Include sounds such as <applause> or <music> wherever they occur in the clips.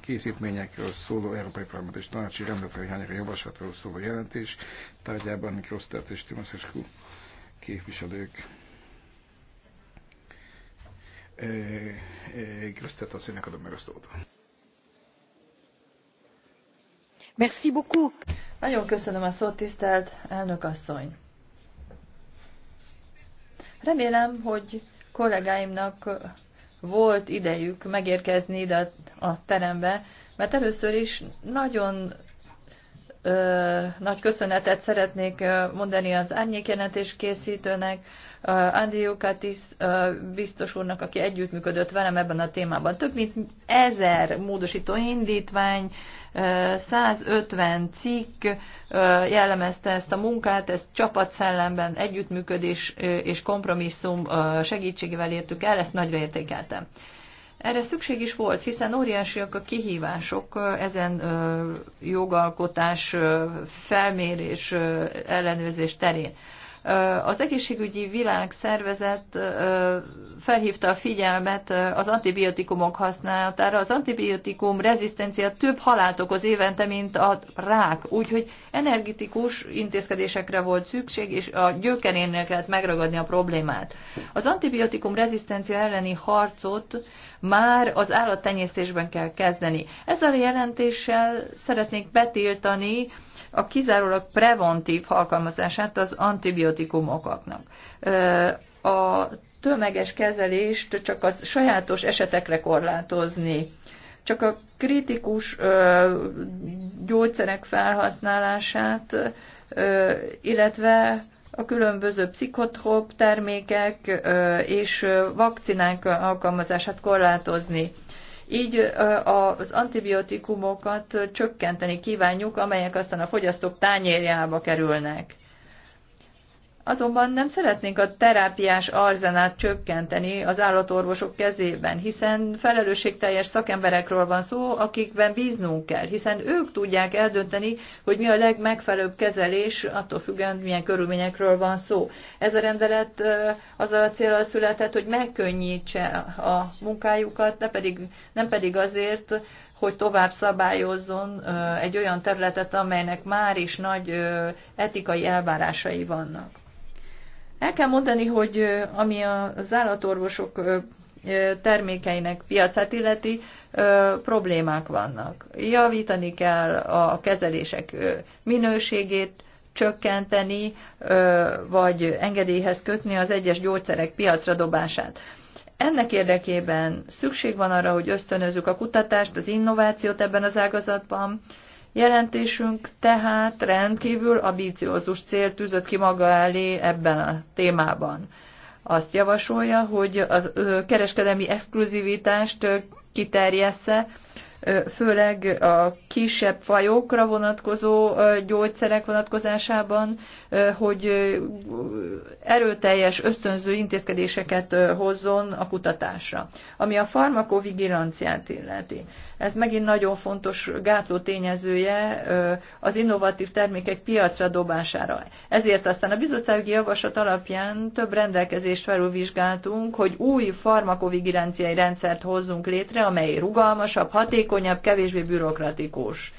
készítményekről szóló Európai Parlament és Tanácsi rendetrehányra javaslatról szóló jelentés, tárgyában Krosztert és Timaszescu képviselők. Krosztert asszonynak adom meg a szót. Merci beaucoup. Nagyon köszönöm a szót, tisztelt elnök asszony. Remélem, hogy kollégáimnak volt idejük megérkezni ide a terembe, mert először is nagyon ö, nagy köszönetet szeretnék mondani az árnyékjelentés készítőnek, Andi Katis biztos úrnak, aki együttműködött velem ebben a témában. Több mint ezer módosító indítvány, 150 cikk jellemezte ezt a munkát, ezt csapatszellemben együttműködés és kompromisszum segítségével értük el, ezt nagyra értékeltem. Erre szükség is volt, hiszen óriásiak a kihívások ezen jogalkotás, felmérés, ellenőrzés terén. Az egészségügyi világszervezet felhívta a figyelmet az antibiotikumok használatára. Az antibiotikum rezisztencia több halált okoz évente, mint a rák, úgyhogy energetikus intézkedésekre volt szükség, és a gyökerénél kellett megragadni a problémát. Az antibiotikum rezisztencia elleni harcot már az állattenyésztésben kell kezdeni. Ezzel a jelentéssel szeretnék betiltani, a kizárólag preventív alkalmazását az antibiotikumoknak. A tömeges kezelést csak a sajátos esetekre korlátozni. Csak a kritikus gyógyszerek felhasználását, illetve a különböző pszichotrop termékek és vakcinák alkalmazását korlátozni. Így az antibiotikumokat csökkenteni kívánjuk, amelyek aztán a fogyasztók tányérjába kerülnek. Azonban nem szeretnénk a terápiás arzenát csökkenteni az állatorvosok kezében, hiszen felelősségteljes szakemberekről van szó, akikben bíznunk kell, hiszen ők tudják eldönteni, hogy mi a legmegfelelőbb kezelés, attól függően milyen körülményekről van szó. Ez a rendelet azzal a célra született, hogy megkönnyítse a munkájukat, ne pedig, nem pedig azért, hogy tovább szabályozzon egy olyan területet, amelynek már is nagy etikai elvárásai vannak. El kell mondani, hogy ami az állatorvosok termékeinek piacát illeti problémák vannak. Javítani kell a kezelések minőségét, csökkenteni, vagy engedélyhez kötni az egyes gyógyszerek piacra dobását. Ennek érdekében szükség van arra, hogy ösztönözzük a kutatást, az innovációt ebben az ágazatban, Jelentésünk tehát rendkívül ambíciózus cél tűzött ki maga elé ebben a témában. Azt javasolja, hogy a kereskedelmi exkluzivitást kiterjessze főleg a kisebb fajokra vonatkozó gyógyszerek vonatkozásában, hogy erőteljes ösztönző intézkedéseket hozzon a kutatásra. Ami a farmakovigilanciát illeti, ez megint nagyon fontos gátló tényezője az innovatív termékek piacra dobására. Ezért aztán a bizottsági javaslat alapján több rendelkezést felülvizsgáltunk, hogy új farmakovigilanciai rendszert hozzunk létre, amely rugalmasabb, hatékonyabb, hatékonyabb, kevésbé bürokratikus.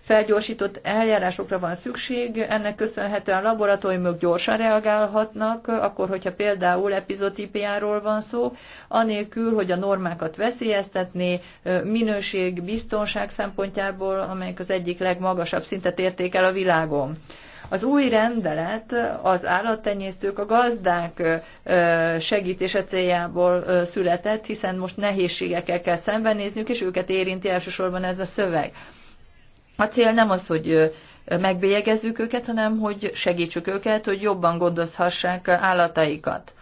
Felgyorsított eljárásokra van szükség, ennek köszönhetően laboratóriumok gyorsan reagálhatnak, akkor, hogyha például epizotípiáról van szó, anélkül, hogy a normákat veszélyeztetné, minőség, biztonság szempontjából, amelyek az egyik legmagasabb szintet értékel a világon. Az új rendelet az állattenyésztők, a gazdák segítése céljából született, hiszen most nehézségekkel kell szembenézniük, és őket érinti elsősorban ez a szöveg. A cél nem az, hogy megbélyegezzük őket, hanem hogy segítsük őket, hogy jobban gondozhassák állataikat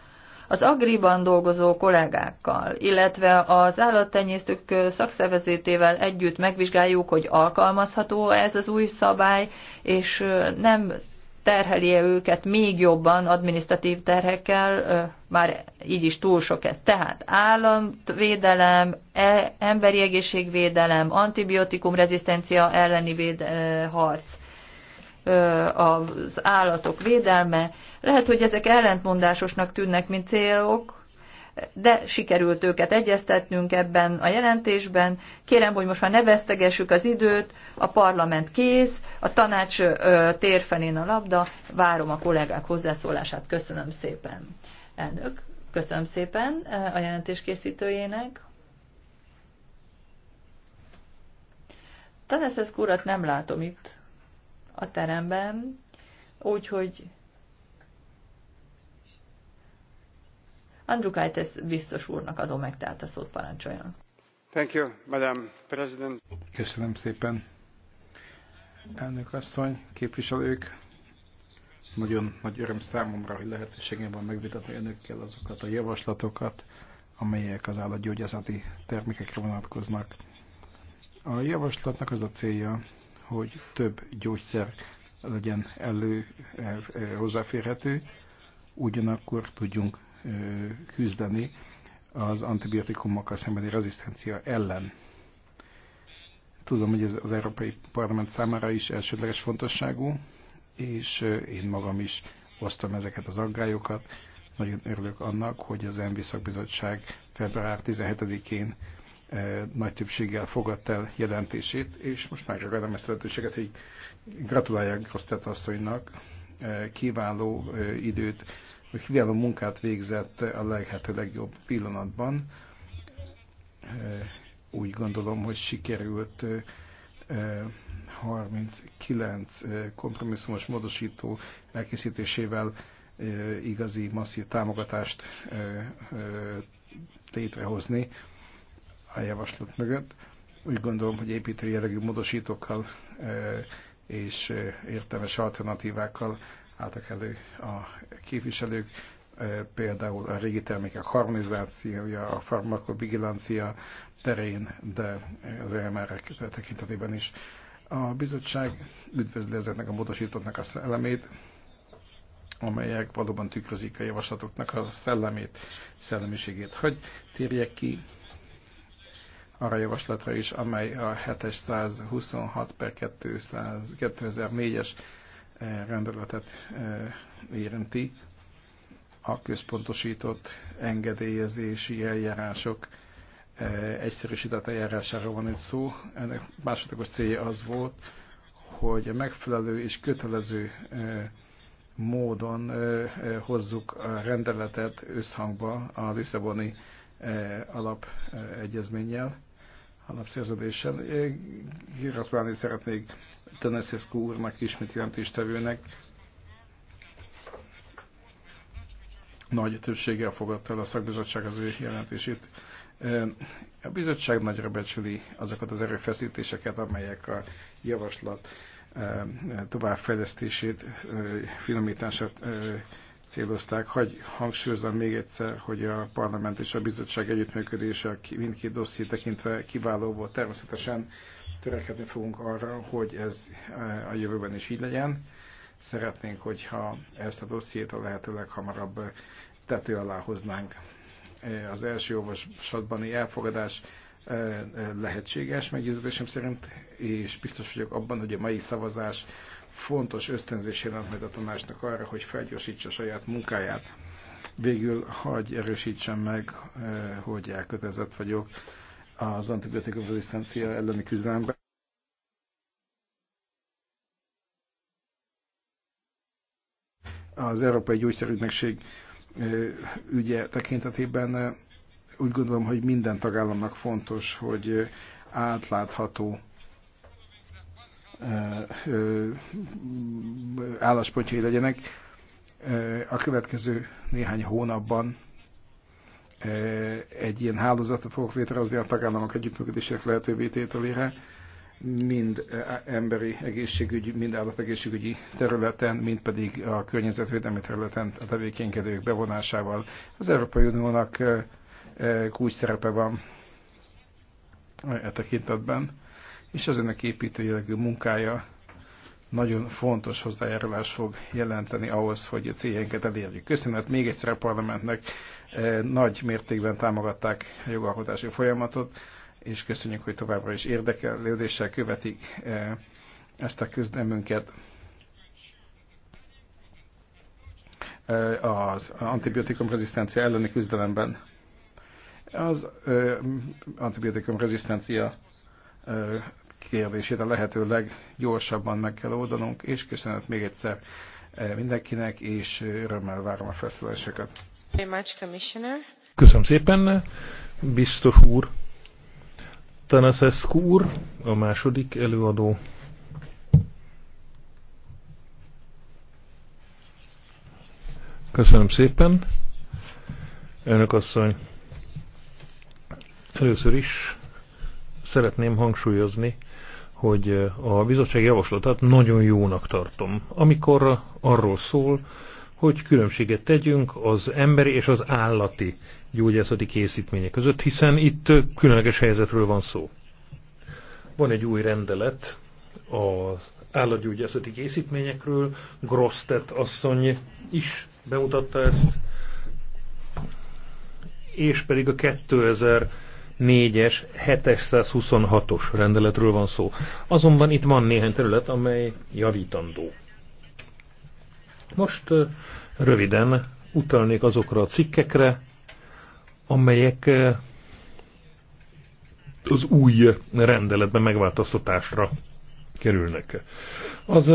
az agriban dolgozó kollégákkal, illetve az állattenyésztők szakszervezetével együtt megvizsgáljuk, hogy alkalmazható ez az új szabály, és nem terheli -e őket még jobban adminisztratív terhekkel, már így is túl sok ez. Tehát államvédelem, e, emberi egészségvédelem, antibiotikum rezisztencia elleni harc az állatok védelme. Lehet, hogy ezek ellentmondásosnak tűnnek, mint célok, de sikerült őket egyeztetnünk ebben a jelentésben. Kérem, hogy most már ne vesztegessük az időt, a parlament kész, a tanács térfelén a labda, várom a kollégák hozzászólását. Köszönöm szépen, elnök. Köszönöm szépen a jelentés készítőjének. Taneszesz kurat nem látom itt a teremben, úgyhogy ezt biztos úrnak adom meg, tehát a szót parancsoljon. Thank you, Madam President. Köszönöm szépen. Elnök asszony, képviselők, nagyon nagy öröm számomra, hogy lehetőségem van megvitatni önökkel azokat a javaslatokat, amelyek az állatgyógyászati termékekre vonatkoznak. A javaslatnak az a célja, hogy több gyógyszer legyen elő e, hozzáférhető, ugyanakkor tudjunk e, küzdeni az antibiotikumokkal szembeni rezisztencia ellen. Tudom, hogy ez az Európai Parlament számára is elsődleges fontosságú, és e, én magam is osztom ezeket az aggályokat. Nagyon örülök annak, hogy az ENVI szakbizottság február 17-én E, nagy többséggel fogadta el jelentését, és most megragadom ezt a lehetőséget, hogy gratuláljak Grosztett asszonynak, e, kiváló e, időt, vagy kiváló munkát végzett a lehető legjobb pillanatban. Úgy gondolom, hogy sikerült 39 kompromisszumos módosító elkészítésével igazi masszív támogatást létrehozni a javaslat mögött. Úgy gondolom, hogy építő jellegű módosítókkal e, és e, értelmes alternatívákkal álltak elő a képviselők, e, például a régi termékek harmonizációja, a farmakovigilancia terén, de az emr tekintetében is. A bizottság üdvözli ezeknek a módosítóknak a szellemét, amelyek valóban tükrözik a javaslatoknak a szellemét, szellemiségét. Hogy térjek ki arra javaslatra is, amely a 726 per 2004-es eh, rendeletet eh, érinti, a központosított engedélyezési eljárások eh, egyszerűsített eljárásáról van itt szó. Ennek másodlagos célja az volt, hogy a megfelelő és kötelező módon hozzuk a rendeletet összhangba a Lisszaboni alapegyezménnyel alapszerződésen. Gratulálni szeretnék Töneszeszkó úrnak, ismét jelentéstevőnek. Nagy többséggel fogadta el a szakbizottság az ő jelentését. A bizottság nagyra becsüli azokat az erőfeszítéseket, amelyek a javaslat eh, továbbfejlesztését, eh, finomítását eh, célozták. Hagy hangsúlyozom még egyszer, hogy a parlament és a bizottság együttműködése mindkét dosszi tekintve kiváló volt. Természetesen törekedni fogunk arra, hogy ez eh, a jövőben is így legyen. Szeretnénk, hogyha ezt a dossziét a lehető leghamarabb eh, tető alá hoznánk. Eh, az első olvasatbani elfogadás lehetséges meggyőződésem szerint, és biztos vagyok abban, hogy a mai szavazás fontos ösztönzés jelent majd a tanácsnak arra, hogy felgyorsítsa saját munkáját. Végül hagy erősítsem meg, eh, hogy elkötelezett vagyok az antibiotikum rezisztencia elleni küzdelemben. Az Európai Gyógyszerügynökség eh, ügye tekintetében eh, úgy gondolom, hogy minden tagállamnak fontos, hogy átlátható álláspontjai legyenek. A következő néhány hónapban egy ilyen hálózatot fogok létrehozni a tagállamok együttműködések lehetővé tételére, mind emberi egészségügyi, mind állategészségügyi területen, mind pedig a környezetvédelmi területen a tevékenykedők bevonásával. Az Európai Uniónak kulcs szerepe van e tekintetben és az önök építő jellegű munkája nagyon fontos hozzájárulás fog jelenteni ahhoz, hogy a céljainkat elérjük. Köszönet még egyszer a parlamentnek, e, nagy mértékben támogatták a jogalkotási folyamatot, és köszönjük, hogy továbbra is érdeklődéssel követik e, ezt a küzdelmünket. E, az antibiotikum rezisztencia elleni küzdelemben. Az antibiotikum rezisztencia kérdését a lehető leggyorsabban meg kell oldanunk, és köszönet még egyszer mindenkinek, és örömmel várom a feszüléseket. Köszönöm szépen, biztos úr. Tanaszeszk úr, a második előadó. Köszönöm szépen. Elnök asszony, először is szeretném hangsúlyozni, hogy eh, a bizottság javaslatát nagyon jónak tartom, amikor arról szól, hogy különbséget tegyünk az emberi és az állati gyógyászati készítmények között, hiszen itt különleges helyzetről van szó. Van egy új rendelet az állatgyógyászati készítményekről, Grosztet asszony is bemutatta ezt, és pedig a 2000 4-es, 726-os rendeletről van szó. Azonban itt van néhány terület, amely javítandó. Most röviden utalnék azokra a cikkekre, amelyek az új rendeletben megváltoztatásra kerülnek. Az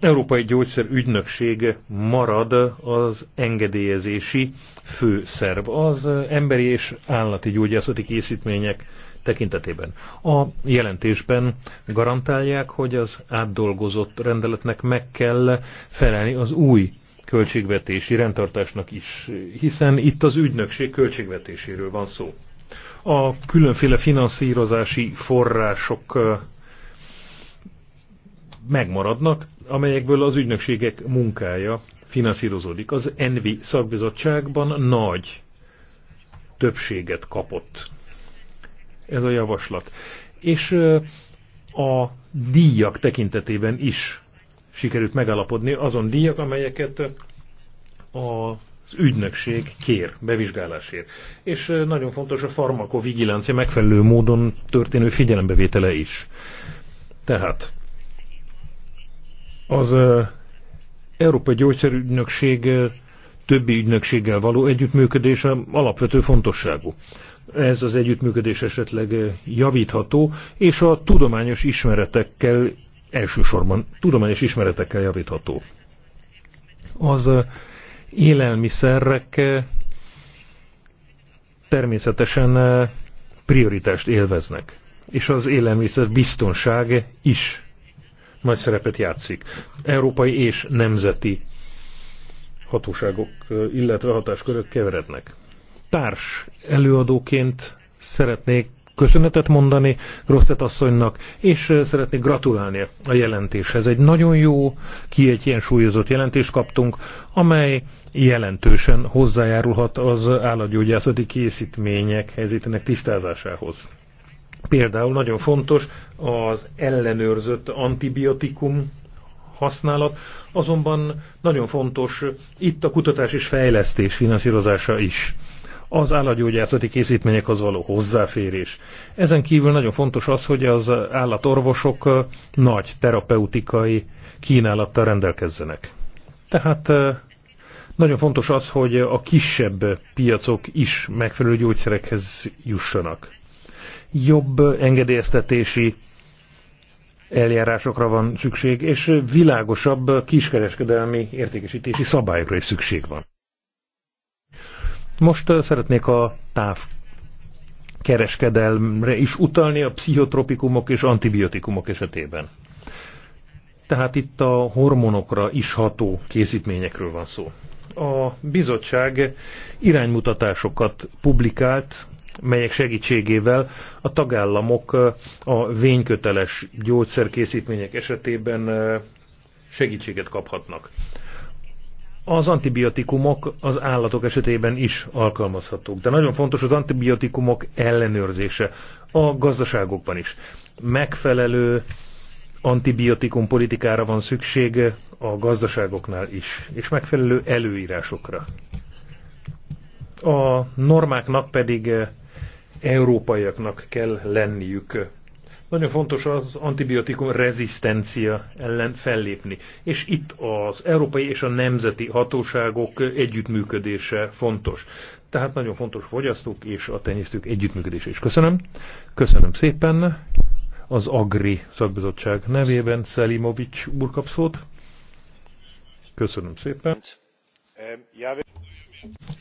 Európai Gyógyszer Ügynökség marad az engedélyezési főszerv az emberi és állati gyógyászati készítmények tekintetében. A jelentésben garantálják, hogy az átdolgozott rendeletnek meg kell felelni az új költségvetési rendtartásnak is, hiszen itt az ügynökség költségvetéséről van szó. A különféle finanszírozási források megmaradnak, amelyekből az ügynökségek munkája finanszírozódik. Az Envi szakbizottságban nagy többséget kapott ez a javaslat. És a díjak tekintetében is sikerült megállapodni azon díjak, amelyeket az ügynökség kér bevizsgálásért. És nagyon fontos a farmakovigilancia megfelelő módon történő figyelembevétele is. Tehát az Európai Gyógyszerügynökség többi ügynökséggel való együttműködése alapvető fontosságú. Ez az együttműködés esetleg javítható, és a tudományos ismeretekkel elsősorban tudományos ismeretekkel javítható. Az élelmiszerek természetesen prioritást élveznek, és az élelmiszer biztonság is nagy szerepet játszik. Európai és nemzeti hatóságok, illetve hatáskörök keverednek. Társ előadóként szeretnék köszönetet mondani Rosszett asszonynak, és szeretnék gratulálni a jelentéshez. Egy nagyon jó, súlyozott jelentést kaptunk, amely jelentősen hozzájárulhat az állatgyógyászati készítmények helyzetének tisztázásához. Például nagyon fontos az ellenőrzött antibiotikum használat, azonban nagyon fontos itt a kutatás és fejlesztés finanszírozása is. Az állatgyógyászati készítményekhez való hozzáférés. Ezen kívül nagyon fontos az, hogy az állatorvosok nagy terapeutikai kínálattal rendelkezzenek. Tehát nagyon fontos az, hogy a kisebb piacok is megfelelő gyógyszerekhez jussanak jobb engedélyeztetési eljárásokra van szükség, és világosabb kiskereskedelmi értékesítési szabályokra is szükség van. Most szeretnék a táv kereskedelmre is utalni a pszichotropikumok és antibiotikumok esetében. Tehát itt a hormonokra is ható készítményekről van szó. A bizottság iránymutatásokat publikált melyek segítségével a tagállamok a vényköteles gyógyszerkészítmények esetében segítséget kaphatnak. Az antibiotikumok az állatok esetében is alkalmazhatók, de nagyon fontos az antibiotikumok ellenőrzése a gazdaságokban is. Megfelelő antibiotikum politikára van szükség a gazdaságoknál is, és megfelelő előírásokra. A normáknak pedig európaiaknak kell lenniük. Nagyon fontos az antibiotikum rezisztencia ellen fellépni. És itt az európai és a nemzeti hatóságok együttműködése fontos. Tehát nagyon fontos a fogyasztók és a tenyésztők együttműködése is. Köszönöm. Köszönöm szépen. Az Agri szakbizottság nevében Szelimovics úr kap Köszönöm szépen.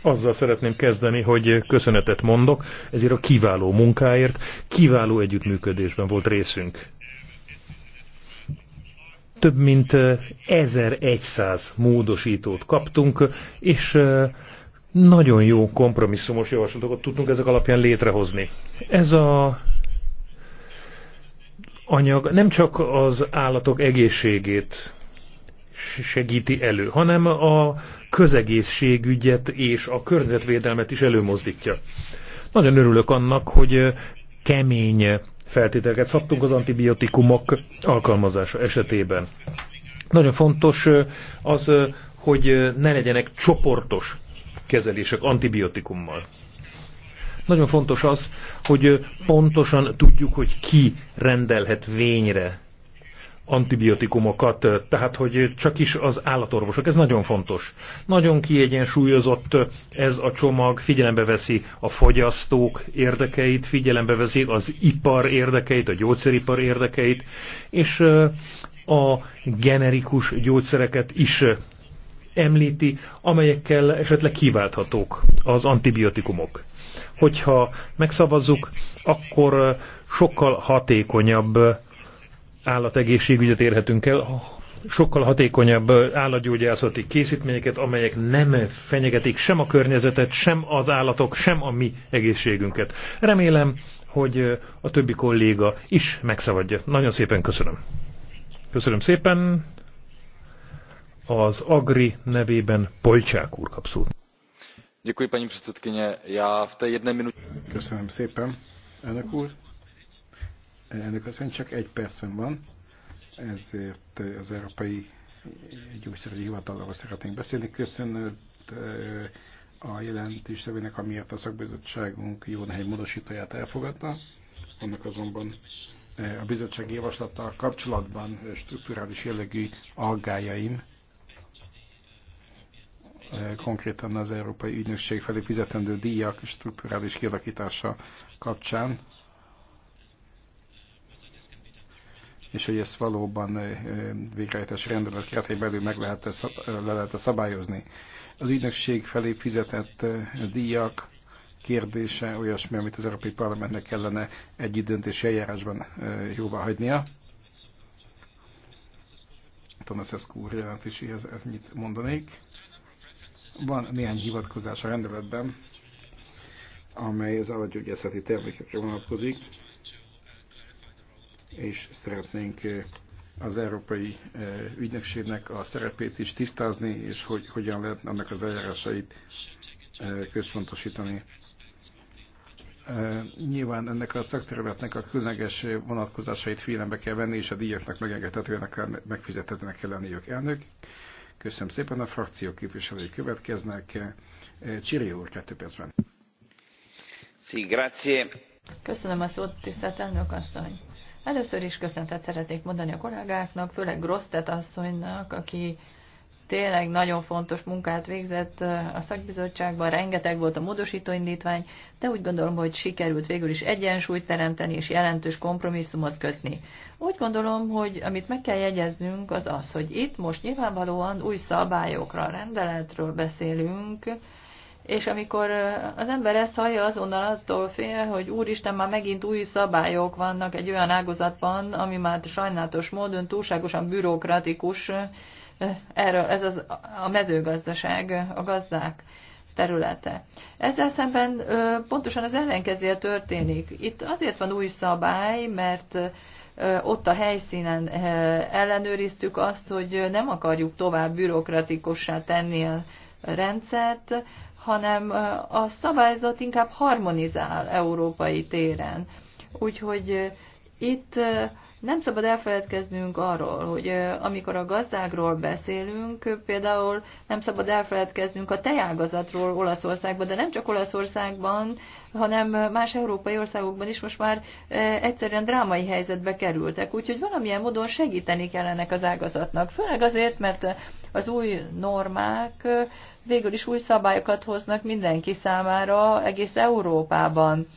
Azzal szeretném kezdeni, hogy köszönetet mondok ezért a kiváló munkáért, kiváló együttműködésben volt részünk. Több mint 1100 eh, módosítót kaptunk, és eh, nagyon jó kompromisszumos javaslatokat tudtunk ezek alapján létrehozni. Ez a anyag nem csak az állatok egészségét segíti elő, hanem a közegészségügyet és a környezetvédelmet is előmozdítja. Nagyon örülök annak, hogy kemény feltételeket szabtunk az antibiotikumok alkalmazása esetében. Nagyon fontos az, hogy ne legyenek csoportos kezelések antibiotikummal. Nagyon fontos az, hogy pontosan tudjuk, hogy ki rendelhet vényre antibiotikumokat, tehát hogy csak is az állatorvosok, ez nagyon fontos. Nagyon kiegyensúlyozott ez a csomag, figyelembe veszi a fogyasztók érdekeit, figyelembe veszi az ipar érdekeit, a gyógyszeripar érdekeit, és a generikus gyógyszereket is említi, amelyekkel esetleg kiválthatók az antibiotikumok. Hogyha megszavazzuk, akkor sokkal hatékonyabb állategészségügyet érhetünk el, sokkal hatékonyabb állatgyógyászati készítményeket, amelyek nem fenyegetik sem a környezetet, sem az állatok, sem a mi egészségünket. Remélem, hogy a többi kolléga is megszavadja. Nagyon szépen köszönöm. Köszönöm szépen. Az Agri nevében Polcsák úr kap szót. Köszönöm szépen, elnök úr. Elnök asszony, csak egy percem van, ezért az Európai Gyógyszerügyi Hivatalról szeretnénk beszélni. Köszönöm a jelentéstevének, amiért a szakbizottságunk jó néhány módosítóját elfogadta. Annak azonban a bizottsági javaslattal kapcsolatban strukturális jellegű aggájaim, konkrétan az Európai Ügynökség felé fizetendő díjak strukturális kialakítása kapcsán és hogy ezt valóban végrehajtási rendelet keretében belül meg lehet -e, le lehet -e szabályozni. Az ügynökség felé fizetett díjak kérdése olyasmi, amit az Európai Parlamentnek kellene egy döntési eljárásban jóvá hagynia. Tanaszeszkú úr jelentéséhez ennyit mondanék. Van néhány hivatkozás a rendeletben, amely az állatgyógyászati termékekre vonatkozik és szeretnénk eh, az Európai eh, Ügynökségnek a szerepét is tisztázni, és hogy hogyan lehet annak az eljárásait eh, központosítani. Nyilván ennek a szakterületnek a különleges vonatkozásait figyelembe kell venni, és a díjaknak megengedhetőnek, megfizethetőnek kell lenniük elnök. Köszönöm szépen, a frakció képviselői következnek. Csiri úr, kettő percben. Sí, grazie. Köszönöm a szót, tisztelt elnök asszony. Először is köszöntet szeretnék mondani a kollégáknak, főleg Grosztet asszonynak, aki tényleg nagyon fontos munkát végzett a szakbizottságban, rengeteg volt a módosító indítvány, de úgy gondolom, hogy sikerült végül is egyensúlyt teremteni és jelentős kompromisszumot kötni. Úgy gondolom, hogy amit meg kell jegyeznünk, az az, hogy itt most nyilvánvalóan új szabályokra, rendeletről beszélünk, és amikor az ember ezt hallja, azonnal attól fél, hogy úristen, már megint új szabályok vannak egy olyan ágazatban, ami már sajnálatos módon túlságosan bürokratikus, erről, ez az, a mezőgazdaság, a gazdák területe. Ezzel szemben pontosan az ellenkezője történik. Itt azért van új szabály, mert ott a helyszínen ellenőriztük azt, hogy nem akarjuk tovább bürokratikussá tenni a rendszert, hanem a szabályzat inkább harmonizál európai téren. Úgyhogy itt nem szabad elfeledkeznünk arról, hogy amikor a gazdákról beszélünk, például nem szabad elfeledkeznünk a tejágazatról Olaszországban, de nem csak Olaszországban, hanem más európai országokban is most már egyszerűen drámai helyzetbe kerültek. Úgyhogy valamilyen módon segíteni kell ennek az ágazatnak. Főleg azért, mert az új normák végül is új szabályokat hoznak mindenki számára egész Európában.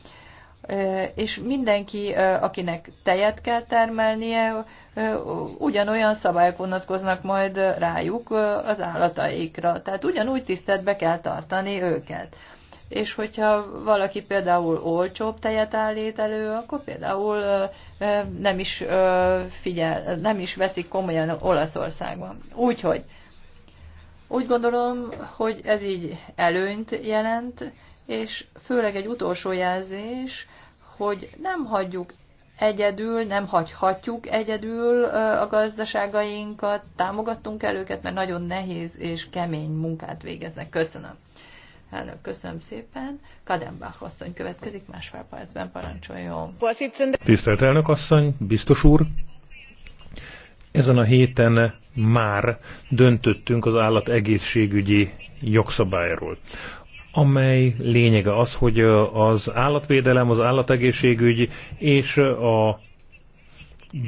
És mindenki, akinek tejet kell termelnie, ugyanolyan szabályok vonatkoznak majd rájuk az állataikra. Tehát ugyanúgy tiszteletbe kell tartani őket és hogyha valaki például olcsóbb tejet állít elő, akkor például nem is, figyel, nem is veszik komolyan Olaszországban. Úgyhogy úgy gondolom, hogy ez így előnyt jelent, és főleg egy utolsó jelzés, hogy nem hagyjuk egyedül, nem hagyhatjuk egyedül a gazdaságainkat, támogattunk el őket, mert nagyon nehéz és kemény munkát végeznek. Köszönöm. Elnök, köszönöm szépen. Kadenbach asszony következik, másfél percben parancsoljon. Tisztelt elnök asszony, biztos úr, ezen a héten már döntöttünk az állategészségügyi jogszabályról, amely lényege az, hogy az állatvédelem, az állategészségügy és a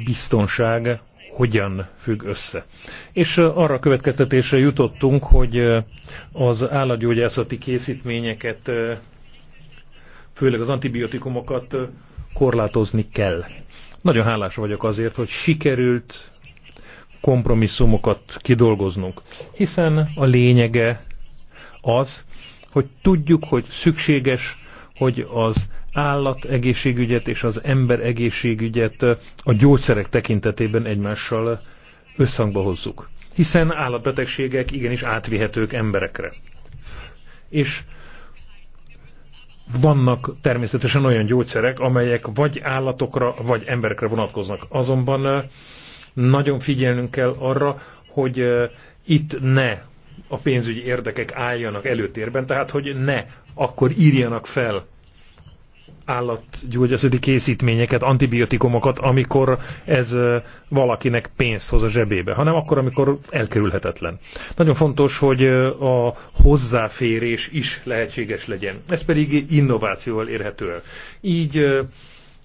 biztonság hogyan függ össze. És arra következtetésre jutottunk, hogy az állatgyógyászati készítményeket, főleg az antibiotikumokat korlátozni kell. Nagyon hálás vagyok azért, hogy sikerült kompromisszumokat kidolgoznunk, hiszen a lényege az, hogy tudjuk, hogy szükséges, hogy az állat egészségügyet és az ember egészségügyet a gyógyszerek tekintetében egymással összhangba hozzuk. Hiszen állatbetegségek igenis átvihetők emberekre. És vannak természetesen olyan gyógyszerek, amelyek vagy állatokra, vagy emberekre vonatkoznak. Azonban nagyon figyelnünk kell arra, hogy itt ne a pénzügyi érdekek álljanak előtérben, tehát hogy ne akkor írjanak fel állatgyógyászati készítményeket, antibiotikumokat, amikor ez valakinek pénzt hoz a zsebébe, hanem akkor, amikor elkerülhetetlen. Nagyon fontos, hogy a hozzáférés is lehetséges legyen. Ez pedig innovációval érhető el. Így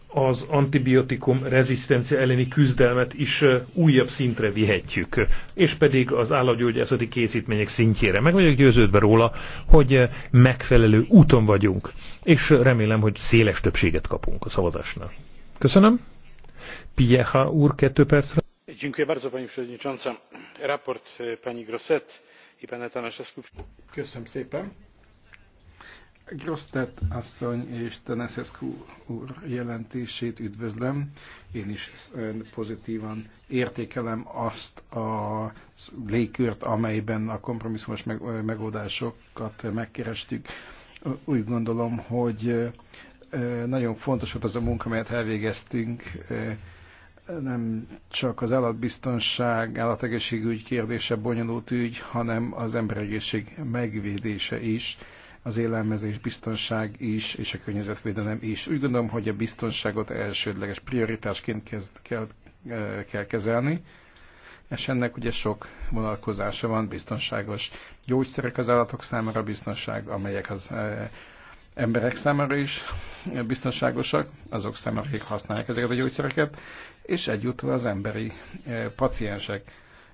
az antibiotikum rezisztencia elleni küzdelmet is újabb szintre vihetjük, és pedig az állatgyógyászati készítmények szintjére. Meg vagyok győződve róla, hogy megfelelő úton vagyunk, és remélem, hogy széles többséget kapunk a szavazásnál. Köszönöm. Piecha úr, kettő percre. Dziękuję bardzo, pani przewodnicząca. Raport e, pani Grosset i pana Tanaszewskiego. Köszönöm szépen. Grosztet asszony és Teneszeszkú úr jelentését üdvözlöm. Én is pozitívan értékelem azt a légkört, amelyben a kompromisszumos megoldásokat megkerestük. Úgy gondolom, hogy nagyon fontos volt az a munka, amelyet elvégeztünk, nem csak az állatbiztonság, állategészségügy kérdése bonyolult ügy, hanem az emberegészség megvédése is az élelmezés biztonság is, és a környezetvédelem is. Úgy gondolom, hogy a biztonságot elsődleges prioritásként kezd, kell, e, kell kezelni, és ennek ugye sok vonatkozása van, biztonságos gyógyszerek az állatok számára, biztonság, amelyek az e, emberek számára is biztonságosak, azok számára, akik használják ezeket a gyógyszereket, és egyúttal az emberi e, paciensek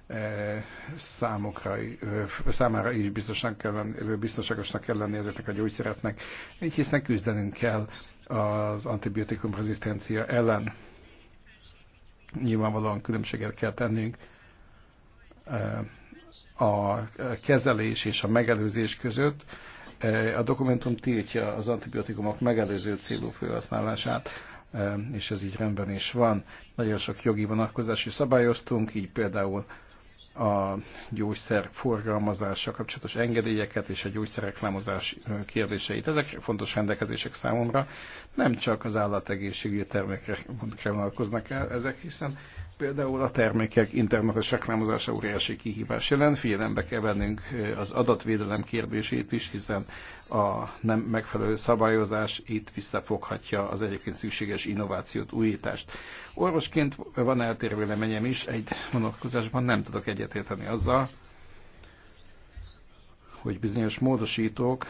E, számokra e, számára is biztosnak kell lenni, e, biztonságosnak kell lenni ezeknek a gyógyszereknek, így hiszen küzdenünk kell az antibiotikum rezisztencia ellen. Nyilvánvalóan különbséget kell tennünk a kezelés és a megelőzés között. A dokumentum tiltja az antibiotikumok megelőző célú felhasználását, és ez így rendben is van. Nagyon sok jogi vonatkozási szabályoztunk, így például a gyógyszer forgalmazása kapcsolatos engedélyeket és a gyógyszerreklámozás kérdéseit. Ezek fontos rendelkezések számomra nem csak az állategészségügyi termékre vonatkoznak el ezek, hiszen Például a termékek internetes reklámozása óriási kihívás jelent, figyelembe kell vennünk az adatvédelem kérdését is, hiszen a nem megfelelő szabályozás itt visszafoghatja az egyébként szükséges innovációt, újítást. Orvosként van eltérő véleményem is, egy vonatkozásban nem tudok egyetérteni azzal, hogy bizonyos módosítók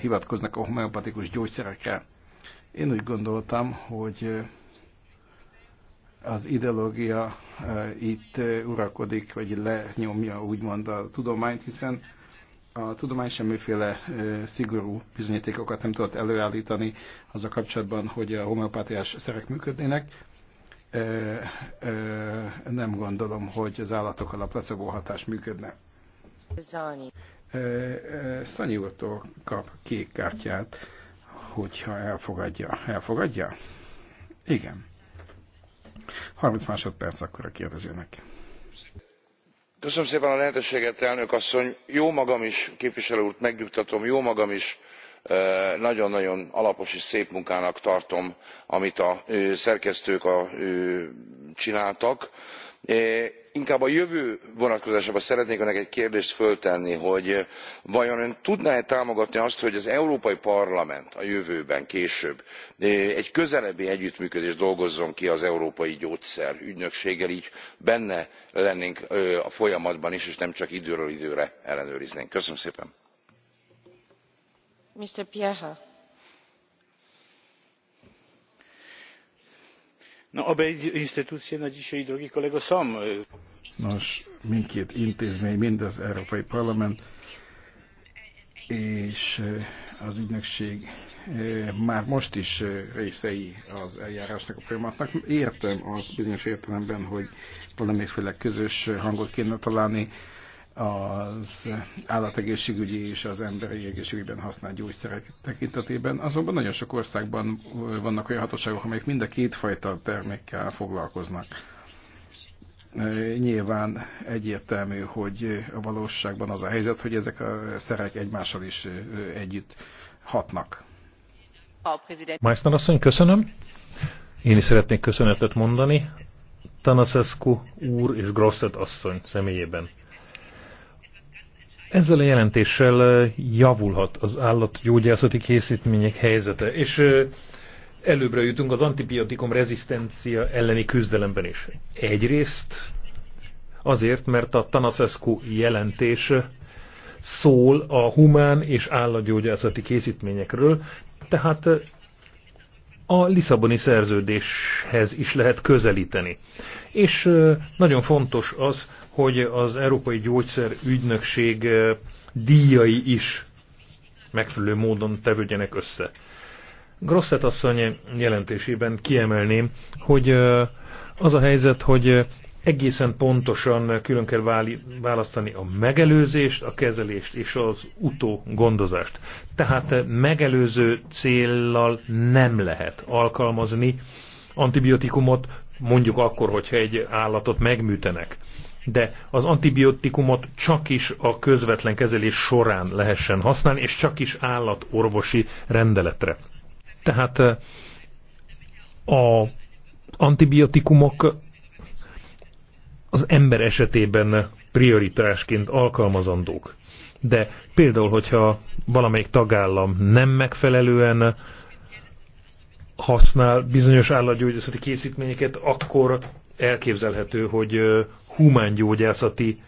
hivatkoznak a homeopatikus gyógyszerekre. Én úgy gondoltam, hogy az ideológia itt uralkodik, vagy lenyomja úgymond a tudományt, hiszen a tudomány semmiféle szigorú bizonyítékokat nem tudott előállítani az a kapcsolatban, hogy a homeopátiás szerek működnének. Nem gondolom, hogy az állatokkal a placebo hatás működne. Zani. Szanyi úrtól kap kék kártyát, hogyha elfogadja. Elfogadja? Igen. 30 másodperc akkor a kérdezőnek. Köszönöm szépen a lehetőséget, elnök asszony. Jó magam is, képviselő úrt megnyugtatom, jó magam is eh, nagyon nagyon alapos és szép munkának tartom amit a szerkesztők csináltak. Eh, inkább a jövő vonatkozásában szeretnék önnek egy kérdést föltenni hogy vajon ön tudná e támogatni azt hogy az európai parlament a jövőben később eh, egy közelebbi együttműködést dolgozzon ki az európai ügynökséggel gy benne lennénk eh, a folyamatban is és nem csak időről időre ellenőriznénk. köszönöm szépen! instytucje na dzisiaj, drogi kolego, są. Nos, mindkét intézmény, mind az Európai Parlament és az ügynökség már most is részei az eljárásnak, a folyamatnak. Értem az bizonyos értelemben, hogy valamiféle közös hangot kéne találni az állategészségügyi és az emberi egészségügyben használt gyógyszerek tekintetében. Azonban nagyon sok országban vannak olyan hatóságok, amelyek mind a kétfajta termékkel foglalkoznak. Nyilván egyértelmű, hogy a valóságban az a helyzet, hogy ezek a szerek egymással is együtt hatnak. Meissner asszony, köszönöm. Én is szeretnék köszönetet mondani Tanaszeszku úr és Grosset asszony személyében. Ezzel a jelentéssel javulhat az állatgyógyászati készítmények helyzete, és előbbre jutunk az antibiotikum rezisztencia elleni küzdelemben is. Egyrészt azért, mert a Tanaszeszku jelentés szól a humán és állatgyógyászati készítményekről, tehát a Lisszaboni szerződéshez is lehet közelíteni. És nagyon fontos az, hogy az Európai Ügynökség eh, díjai is megfelelő módon tevődjenek össze. Grosszet asszony jelentésében kiemelném, hogy eh, az a helyzet, hogy eh, egészen pontosan külön kell választani a megelőzést, a kezelést és az utógondozást. Tehát megelőző céllal nem lehet alkalmazni antibiotikumot, mondjuk akkor, hogyha egy állatot megműtenek de az antibiotikumot csak is a közvetlen kezelés során lehessen használni, és csak is állatorvosi rendeletre. Tehát eh, a antibiotikumok az ember esetében prioritásként alkalmazandók. De például, hogyha valamelyik tagállam nem megfelelően használ bizonyos állatgyógyászati készítményeket, akkor elképzelhető, hogy eh, humángyógyászati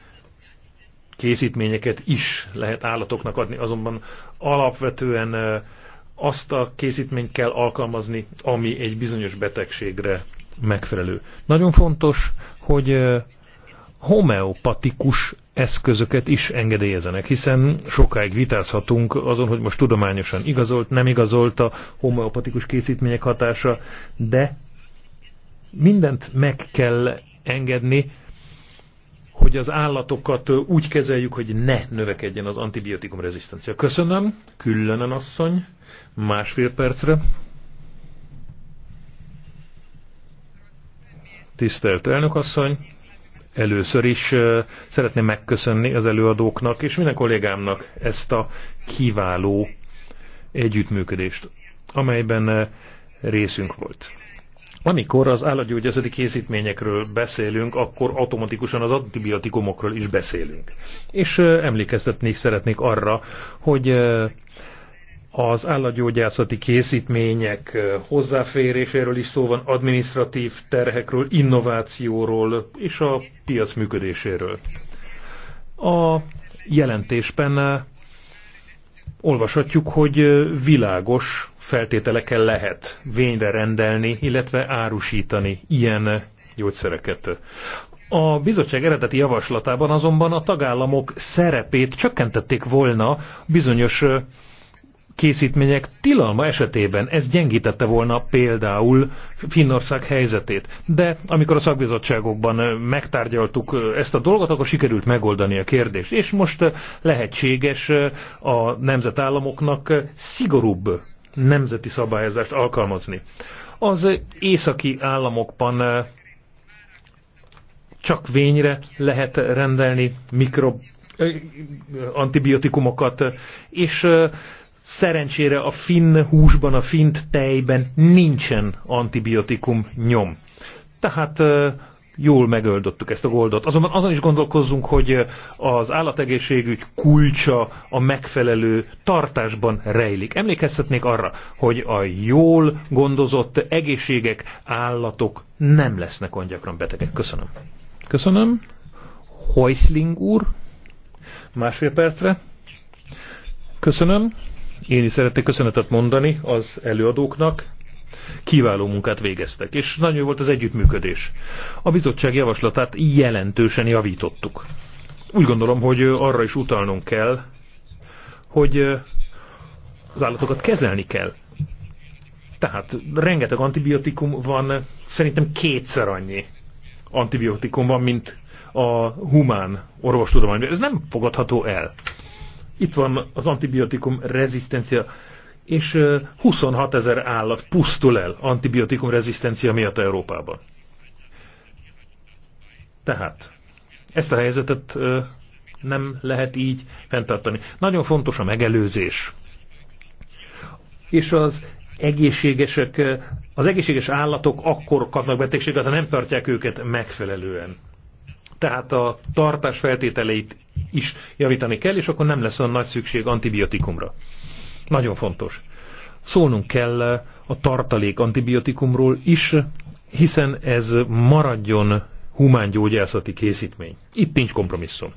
készítményeket is lehet állatoknak adni, azonban alapvetően azt a készítményt kell alkalmazni, ami egy bizonyos betegségre megfelelő. Nagyon fontos, hogy homeopatikus eszközöket is engedélyezenek, hiszen sokáig vitázhatunk azon, hogy most tudományosan igazolt, nem igazolt a homeopatikus készítmények hatása, de mindent meg kell engedni, hogy az állatokat úgy kezeljük, hogy ne növekedjen az antibiotikum rezisztencia. Köszönöm, különen asszony, másfél percre. Tisztelt elnök asszony, először is szeretném megköszönni az előadóknak és minden kollégámnak ezt a kiváló együttműködést, amelyben részünk volt. Amikor az állatgyógyászati készítményekről beszélünk, akkor automatikusan az antibiotikumokról is beszélünk. És emlékeztetni szeretnék arra, hogy az állatgyógyászati készítmények hozzáféréséről is szó van, administratív terhekről, innovációról és a piac működéséről. A jelentésben olvashatjuk, hogy világos feltételeken lehet vényre rendelni, illetve árusítani ilyen gyógyszereket. A bizottság eredeti javaslatában azonban a tagállamok szerepét csökkentették volna bizonyos készítmények tilalma esetében. Ez gyengítette volna például Finnország helyzetét. De amikor a szakbizottságokban megtárgyaltuk ezt a dolgot, akkor sikerült megoldani a kérdést. És most lehetséges a nemzetállamoknak szigorúbb nemzeti szabályozást alkalmazni. Az északi államokban eh, csak vényre lehet rendelni mikro eh, antibiotikumokat, és eh, szerencsére a finn húsban, a finn tejben nincsen antibiotikum nyom. Tehát jól megöldöttük ezt a goldot. Azonban azon is gondolkozzunk, hogy eh, az állategészségügy kulcsa a megfelelő tartásban rejlik. Emlékezhetnék arra, hogy a jól gondozott egészségek, állatok nem lesznek olyan gyakran betegek. Köszönöm. Köszönöm. Heusling úr, másfél percre. Köszönöm. Én is szeretnék köszönetet mondani az előadóknak, kiváló munkát végeztek, és nagyon jó volt az együttműködés. A bizottság javaslatát jelentősen javítottuk. Úgy gondolom, hogy arra is utalnunk kell, hogy az állatokat kezelni kell. Tehát rengeteg antibiotikum van, szerintem kétszer annyi antibiotikum van, mint a humán orvostudományban. Ez nem fogadható el. Itt van az antibiotikum rezisztencia és 26 ezer állat pusztul el antibiotikum rezisztencia miatt Európában. Tehát ezt a helyzetet nem lehet így fenntartani. Nagyon fontos a megelőzés. És az egészségesek, az egészséges állatok akkor kapnak betegséget, ha nem tartják őket megfelelően. Tehát a tartás feltételeit is javítani kell, és akkor nem lesz olyan nagy szükség antibiotikumra. Nagyon fontos. Szólnunk kell a tartalék antibiotikumról is, hiszen ez maradjon humán gyógyászati készítmény. Itt nincs kompromisszum.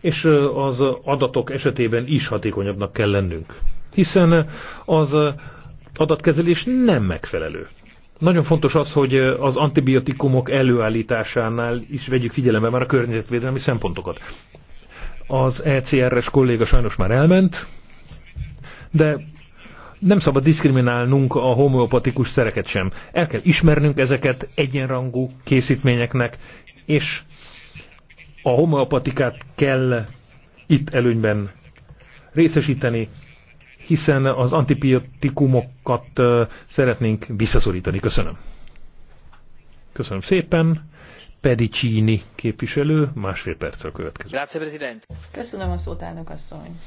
És az adatok esetében is hatékonyabbnak kell lennünk, hiszen az adatkezelés nem megfelelő. Nagyon fontos az, hogy az antibiotikumok előállításánál is vegyük figyelembe már a környezetvédelmi szempontokat. Az ECRS kolléga sajnos már elment, de nem szabad diszkriminálnunk a homeopatikus szereket sem. El kell ismernünk ezeket egyenrangú készítményeknek, és a homeopatikát kell itt előnyben részesíteni, hiszen az antibiotikumokat szeretnénk visszaszorítani. Köszönöm. Köszönöm szépen. Pedicini képviselő, másfél perc a következő. Köszönöm a szót, elnök asszony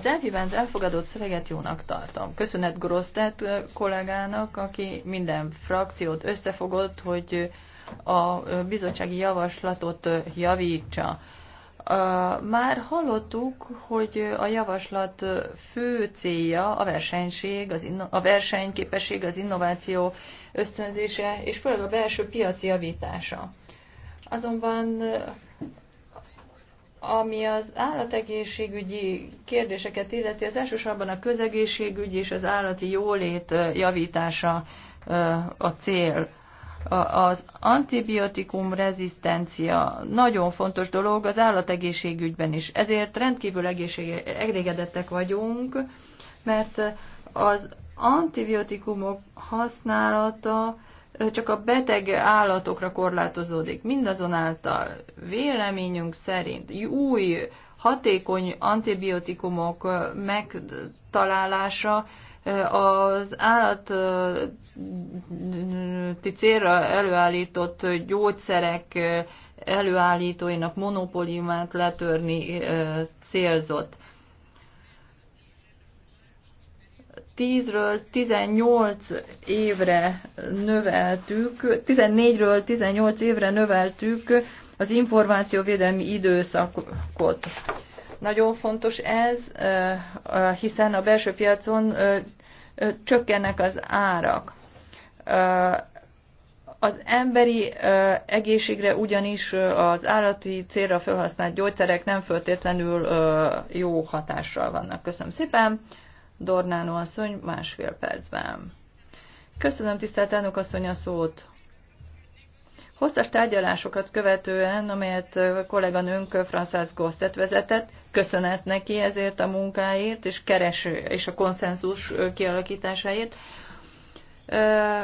delphi elviben elfogadott szöveget jónak tartom. Köszönet Grosztet kollégának, aki minden frakciót összefogott, hogy a bizottsági javaslatot javítsa. Már hallottuk, hogy a javaslat fő célja a versenység, az inno- a versenyképesség, az innováció ösztönzése, és főleg a belső piaci javítása. Azonban ami az állategészségügyi kérdéseket illeti, az elsősorban a közegészségügy és az állati jólét javítása a cél. Az antibiotikum rezisztencia nagyon fontos dolog az állategészségügyben is. Ezért rendkívül elégedettek vagyunk, mert az antibiotikumok használata csak a beteg állatokra korlátozódik. Mindazonáltal véleményünk szerint új, hatékony antibiotikumok megtalálása az állati célra előállított gyógyszerek előállítóinak monopóliumát letörni célzott. 10-ről 18 évre növeltük, 14-ről 18 évre növeltük az információvédelmi időszakot. Nagyon fontos ez, hiszen a belső piacon csökkennek az árak. Az emberi egészségre ugyanis az állati célra felhasznált gyógyszerek nem föltétlenül jó hatással vannak. Köszönöm szépen! Dornánó asszony másfél percben. Köszönöm tisztelt elnök asszony a szót. Hosszas tárgyalásokat követően, amelyet kolléganőnk Frances Gostet vezetett, köszönet neki ezért a munkáért és, keres, és a konszenzus kialakításáért.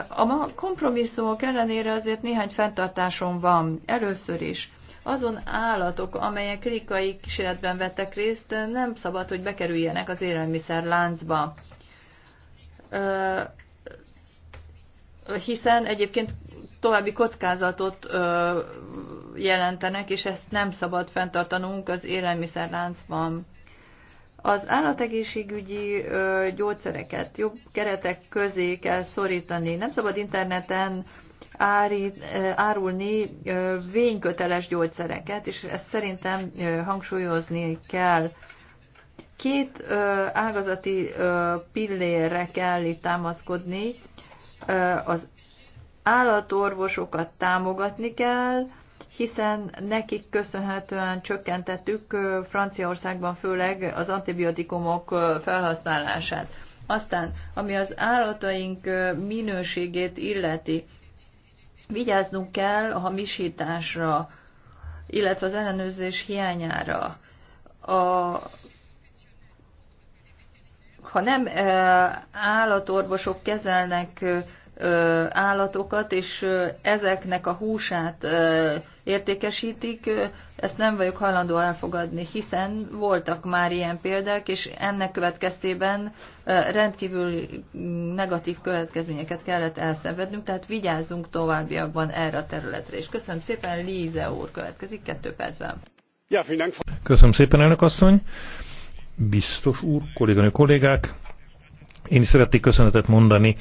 A kompromisszumok ellenére azért néhány fenntartásom van. Először is azon állatok, amelyek klikai kísérletben vettek részt, nem szabad, hogy bekerüljenek az élelmiszer láncba. Hiszen egyébként további kockázatot jelentenek, és ezt nem szabad fenntartanunk az láncban. Az állategészségügyi gyógyszereket jobb keretek közé kell szorítani. Nem szabad interneten ári, árulni vényköteles gyógyszereket, és ezt szerintem hangsúlyozni kell. Két ágazati pillérre kell itt támaszkodni, az állatorvosokat támogatni kell, hiszen nekik köszönhetően csökkentettük Franciaországban főleg az antibiotikumok felhasználását. Aztán, ami az állataink minőségét illeti, Vigyáznunk kell a hamisításra, illetve az ellenőrzés hiányára. A, ha nem állatorvosok kezelnek állatokat, és ezeknek a húsát értékesítik, ezt nem vagyok hajlandó elfogadni, hiszen voltak már ilyen példák, és ennek következtében rendkívül negatív következményeket kellett elszenvednünk, tehát vigyázzunk továbbiakban erre a területre. És köszönöm szépen, Líze úr következik kettő percben. Köszönöm szépen, elnök asszony. Biztos úr, kolléganő kollégák, én is szeretnék köszönetet mondani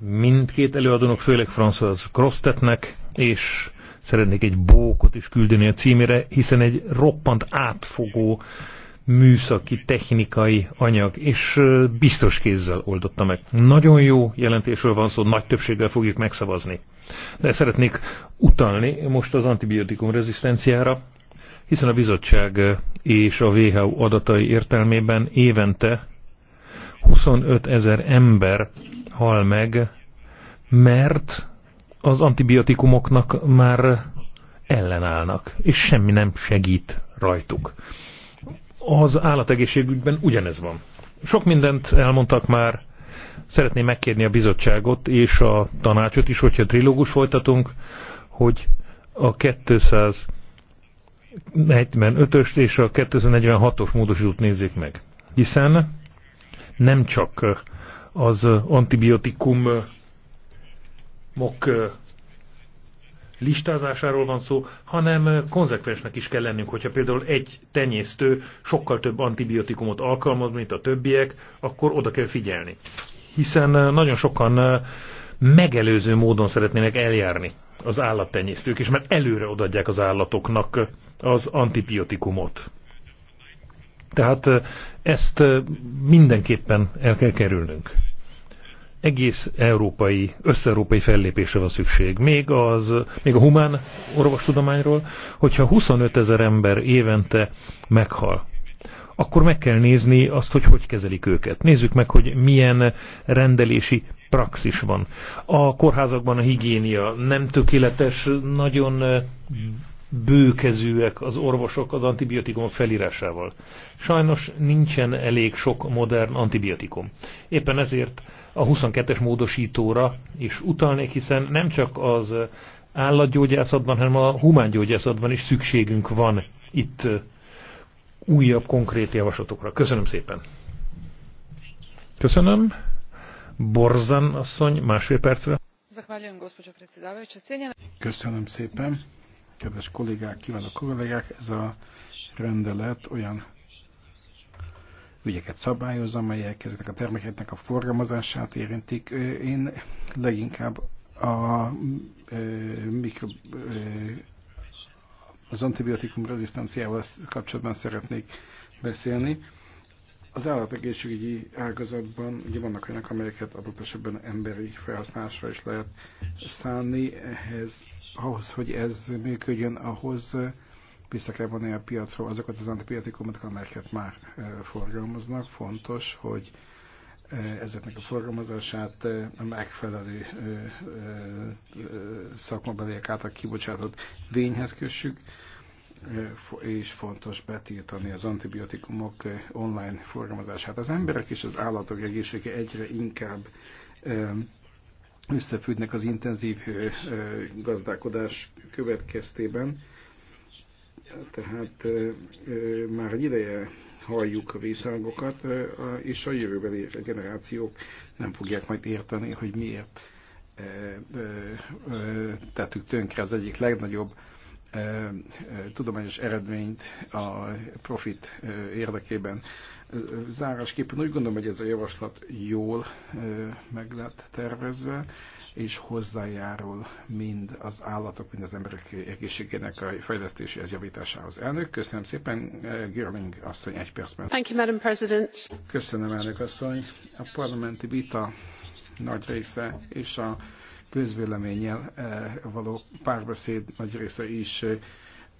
mindkét előadónak, főleg François Krosztetnek, és szeretnék egy bókot is küldeni a címére, hiszen egy roppant átfogó műszaki, technikai anyag, és biztos kézzel oldotta meg. Nagyon jó jelentésről van szó, nagy többséggel fogjuk megszavazni. De szeretnék utalni most az antibiotikum rezisztenciára, hiszen a bizottság és a WHO adatai értelmében évente 25 ezer ember hal meg, mert az antibiotikumoknak már ellenállnak, és semmi nem segít rajtuk. Az állategészségügyben ugyanez van. Sok mindent elmondtak már, szeretném megkérni a bizottságot és a tanácsot is, hogyha trilógus folytatunk, hogy a 245-ös és a 246-os módosítót nézzék meg. Hiszen nem csak az antibiotikum mok listázásáról van szó, hanem konzekvensnek is kell lennünk, hogyha például egy tenyésztő sokkal több antibiotikumot alkalmaz, mint a többiek, akkor oda kell figyelni. Hiszen nagyon sokan megelőző módon szeretnének eljárni az állattenyésztők is, mert előre odaadják az állatoknak az antibiotikumot. Tehát ezt mindenképpen el kell kerülnünk egész európai, összeurópai fellépésre van szükség. Még, az, még a humán orvostudományról, hogyha 25 ezer ember évente meghal, akkor meg kell nézni azt, hogy hogy kezelik őket. Nézzük meg, hogy milyen rendelési praxis van. A kórházakban a higiénia nem tökéletes, nagyon bőkezűek az orvosok az antibiotikumok felírásával. Sajnos nincsen elég sok modern antibiotikum. Éppen ezért a 22-es módosítóra is utalnék, hiszen nem csak az állatgyógyászatban, hanem a humángyógyászatban is szükségünk van itt újabb konkrét javaslatokra. Köszönöm szépen. Köszönöm. Borzan asszony, másfél percre. Köszönöm szépen. Kedves kollégák, kiváló kollégák, ez a rendelet olyan ügyeket szabályoz, amelyek ezeknek a termékeknek a forgalmazását érintik. Én leginkább a mikro, az antibiotikum rezisztenciával kapcsolatban szeretnék beszélni. Az állategészségügyi ágazatban ugye vannak olyanok, amelyeket adott esetben emberi felhasználásra is lehet szánni. Ehhez, ahhoz, hogy ez működjön, ahhoz vissza kell vonni a piacról azokat az antibiotikumokat, amelyeket már forgalmaznak. Fontos, hogy ezeknek a forgalmazását a megfelelő szakmabeliek által kibocsátott vényhez kössük, és fontos betiltani az antibiotikumok online forgalmazását. Az emberek és az állatok egészsége egyre inkább összefüggnek az intenzív gazdálkodás következtében tehát már egy ideje halljuk a vészhangokat, és a jövőbeli generációk nem fogják majd érteni, hogy miért tettük tönkre az egyik legnagyobb tudományos eredményt a profit érdekében. Zárásképpen úgy gondolom, hogy ez a javaslat jól meg lett tervezve, és hozzájárul mind az állatok, mind az emberek egészségének a fejlesztéséhez, javításához. Elnök, köszönöm szépen, Girling asszony egy percben. Thank you, Madam President. Köszönöm, elnök asszony. A parlamenti vita nagy része és a közvéleménnyel való párbeszéd nagy része is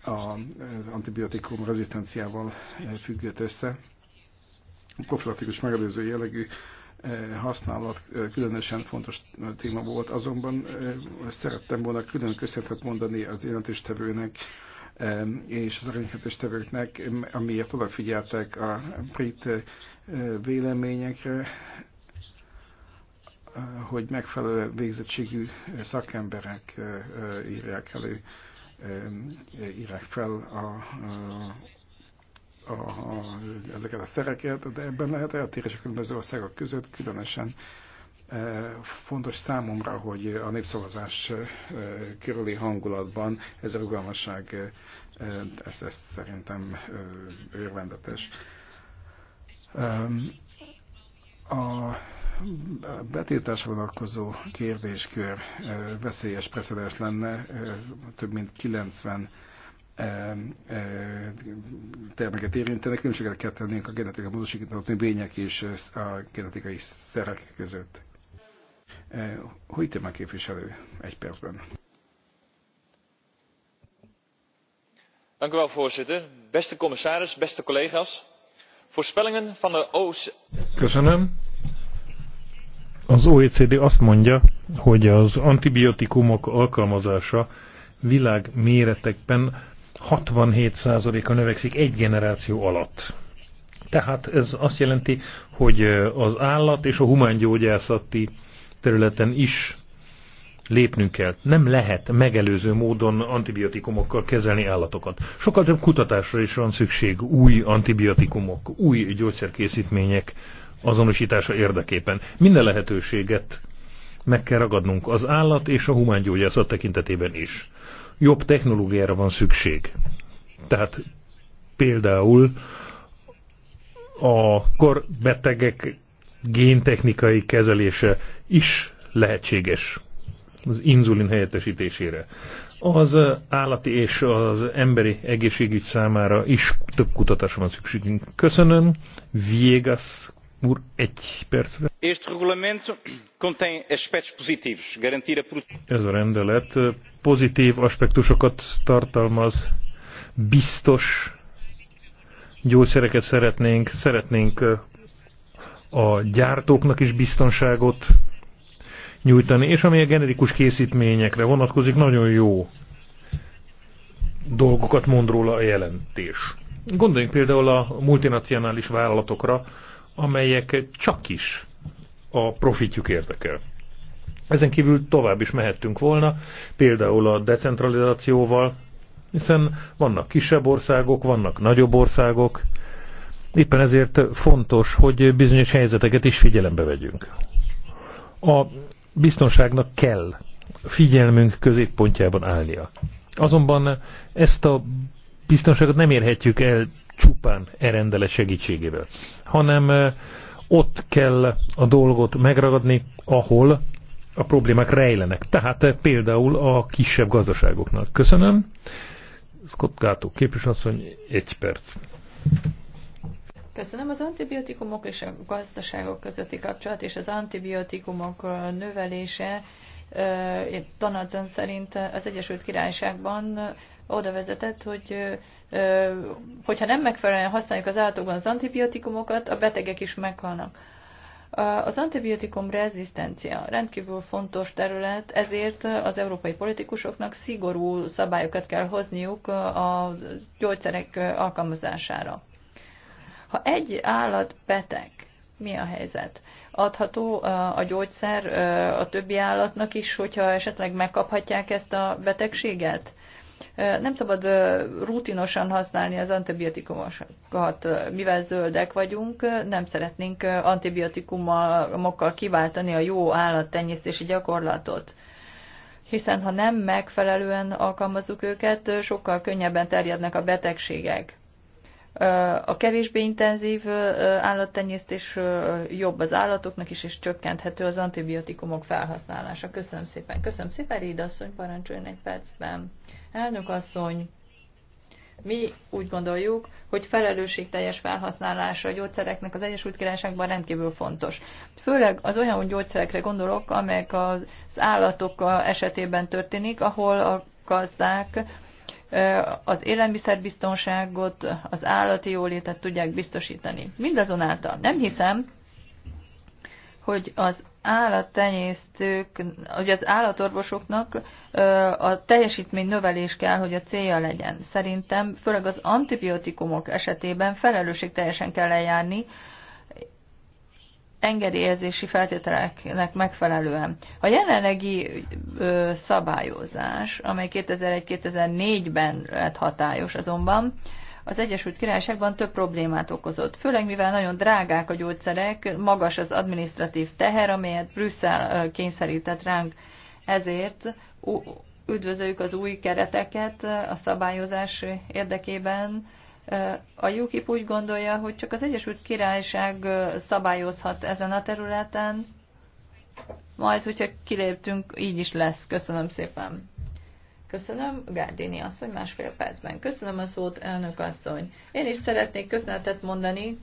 az antibiotikum rezisztenciával függött össze profilaktikus megelőző jellegű eh, használat eh, különösen fontos eh, téma volt, azonban szerettem volna külön köszönetet mondani az jelentéstevőnek és az aránykötéstevőknek, amiért odafigyeltek a brit véleményekre, hogy megfelelő végzettségű szakemberek írják elő, írják fel a a, a, ezeket a szereket, de ebben lehet eltérés a különböző országok között, különösen e, fontos számomra, hogy a népszavazás e, körüli hangulatban ez a rugalmasság, e, ez, ez szerintem E, A betiltásra vonatkozó kérdéskör veszélyes precedens lenne, több mint 90 termeket érintenek, nem különbséget kell tennünk a genetikai módosított növények és a genetikai szerek között. Hogy te képviselő egy percben? Dank u wel, voorzitter. Beste commissaris, beste collega's. Voorspellingen van de OECD. Köszönöm. Az OECD azt mondja, hogy az antibiotikumok alkalmazása világméretekben 67%-a növekszik egy generáció alatt. Tehát ez azt jelenti, hogy az állat és a humángyógyászati területen is lépnünk kell. Nem lehet megelőző módon antibiotikumokkal kezelni állatokat. Sokkal több kutatásra is van szükség új antibiotikumok, új gyógyszerkészítmények azonosítása érdekében. Minden lehetőséget meg kell ragadnunk az állat és a humángyógyászat tekintetében is jobb technológiára van szükség. Tehát például a korbetegek géntechnikai kezelése is lehetséges az inzulin helyettesítésére. Az állati és az emberi egészségügy számára is több kutatásra van szükségünk. Köszönöm, Viegas ez a rendelet pozitív aspektusokat tartalmaz, biztos gyógyszereket szeretnénk, szeretnénk a gyártóknak is biztonságot nyújtani, és ami a generikus készítményekre vonatkozik, nagyon jó dolgokat mond róla a jelentés. Gondoljunk például a multinacionális vállalatokra, amelyek csak is a profitjuk érdekel. Ezen kívül tovább is mehettünk volna, például a decentralizációval, hiszen vannak kisebb országok, vannak nagyobb országok, éppen ezért fontos, hogy bizonyos helyzeteket is figyelembe vegyünk. A biztonságnak kell figyelmünk középpontjában állnia. Azonban ezt a biztonságot nem érhetjük el csupán erendele segítségével, hanem ott kell a dolgot megragadni, ahol a problémák rejlenek. Tehát például a kisebb gazdaságoknak. Köszönöm. Scott Gátó, képviselőasszony, egy perc. Köszönöm. Az antibiotikumok és a gazdaságok közötti kapcsolat és az antibiotikumok növelése Donaldson szerint az Egyesült Királyságban oda vezetett, hogy hogyha nem megfelelően használjuk az állatokban az antibiotikumokat, a betegek is meghalnak. Az antibiotikum rezisztencia rendkívül fontos terület, ezért az európai politikusoknak szigorú szabályokat kell hozniuk a gyógyszerek alkalmazására. Ha egy állat beteg, mi a helyzet? Adható a gyógyszer a többi állatnak is, hogyha esetleg megkaphatják ezt a betegséget? nem szabad rutinosan használni az antibiotikumokat, mivel zöldek vagyunk, nem szeretnénk antibiotikumokkal kiváltani a jó állattenyésztési gyakorlatot hiszen ha nem megfelelően alkalmazzuk őket, sokkal könnyebben terjednek a betegségek a kevésbé intenzív állattenyésztés jobb az állatoknak is, és csökkenthető az antibiotikumok felhasználása. Köszönöm szépen. Köszönöm szépen, Réda asszony, parancsoljon egy percben. Elnök asszony, mi úgy gondoljuk, hogy felelősségteljes felhasználása a gyógyszereknek az Egyesült Királyságban rendkívül fontos. Főleg az olyan gyógyszerekre gondolok, amelyek az állatok esetében történik, ahol a gazdák az élelmiszerbiztonságot, az állati jólétet tudják biztosítani. Mindazonáltal nem hiszem, hogy az állattenyésztők, hogy az állatorvosoknak a teljesítmény növelés kell, hogy a célja legyen. Szerintem főleg az antibiotikumok esetében teljesen kell eljárni, engedélyezési feltételeknek megfelelően. A jelenlegi ö, szabályozás, amely 2001-2004-ben lett hatályos azonban, az Egyesült Királyságban több problémát okozott, főleg mivel nagyon drágák a gyógyszerek, magas az administratív teher, amelyet Brüsszel kényszerített ránk. Ezért üdvözöljük az új kereteket a szabályozás érdekében, a UKIP úgy gondolja, hogy csak az Egyesült Királyság szabályozhat ezen a területen, majd, hogyha kiléptünk, így is lesz. Köszönöm szépen. Köszönöm, Gárdini asszony, másfél percben. Köszönöm a szót, elnök asszony. Én is szeretnék köszönetet mondani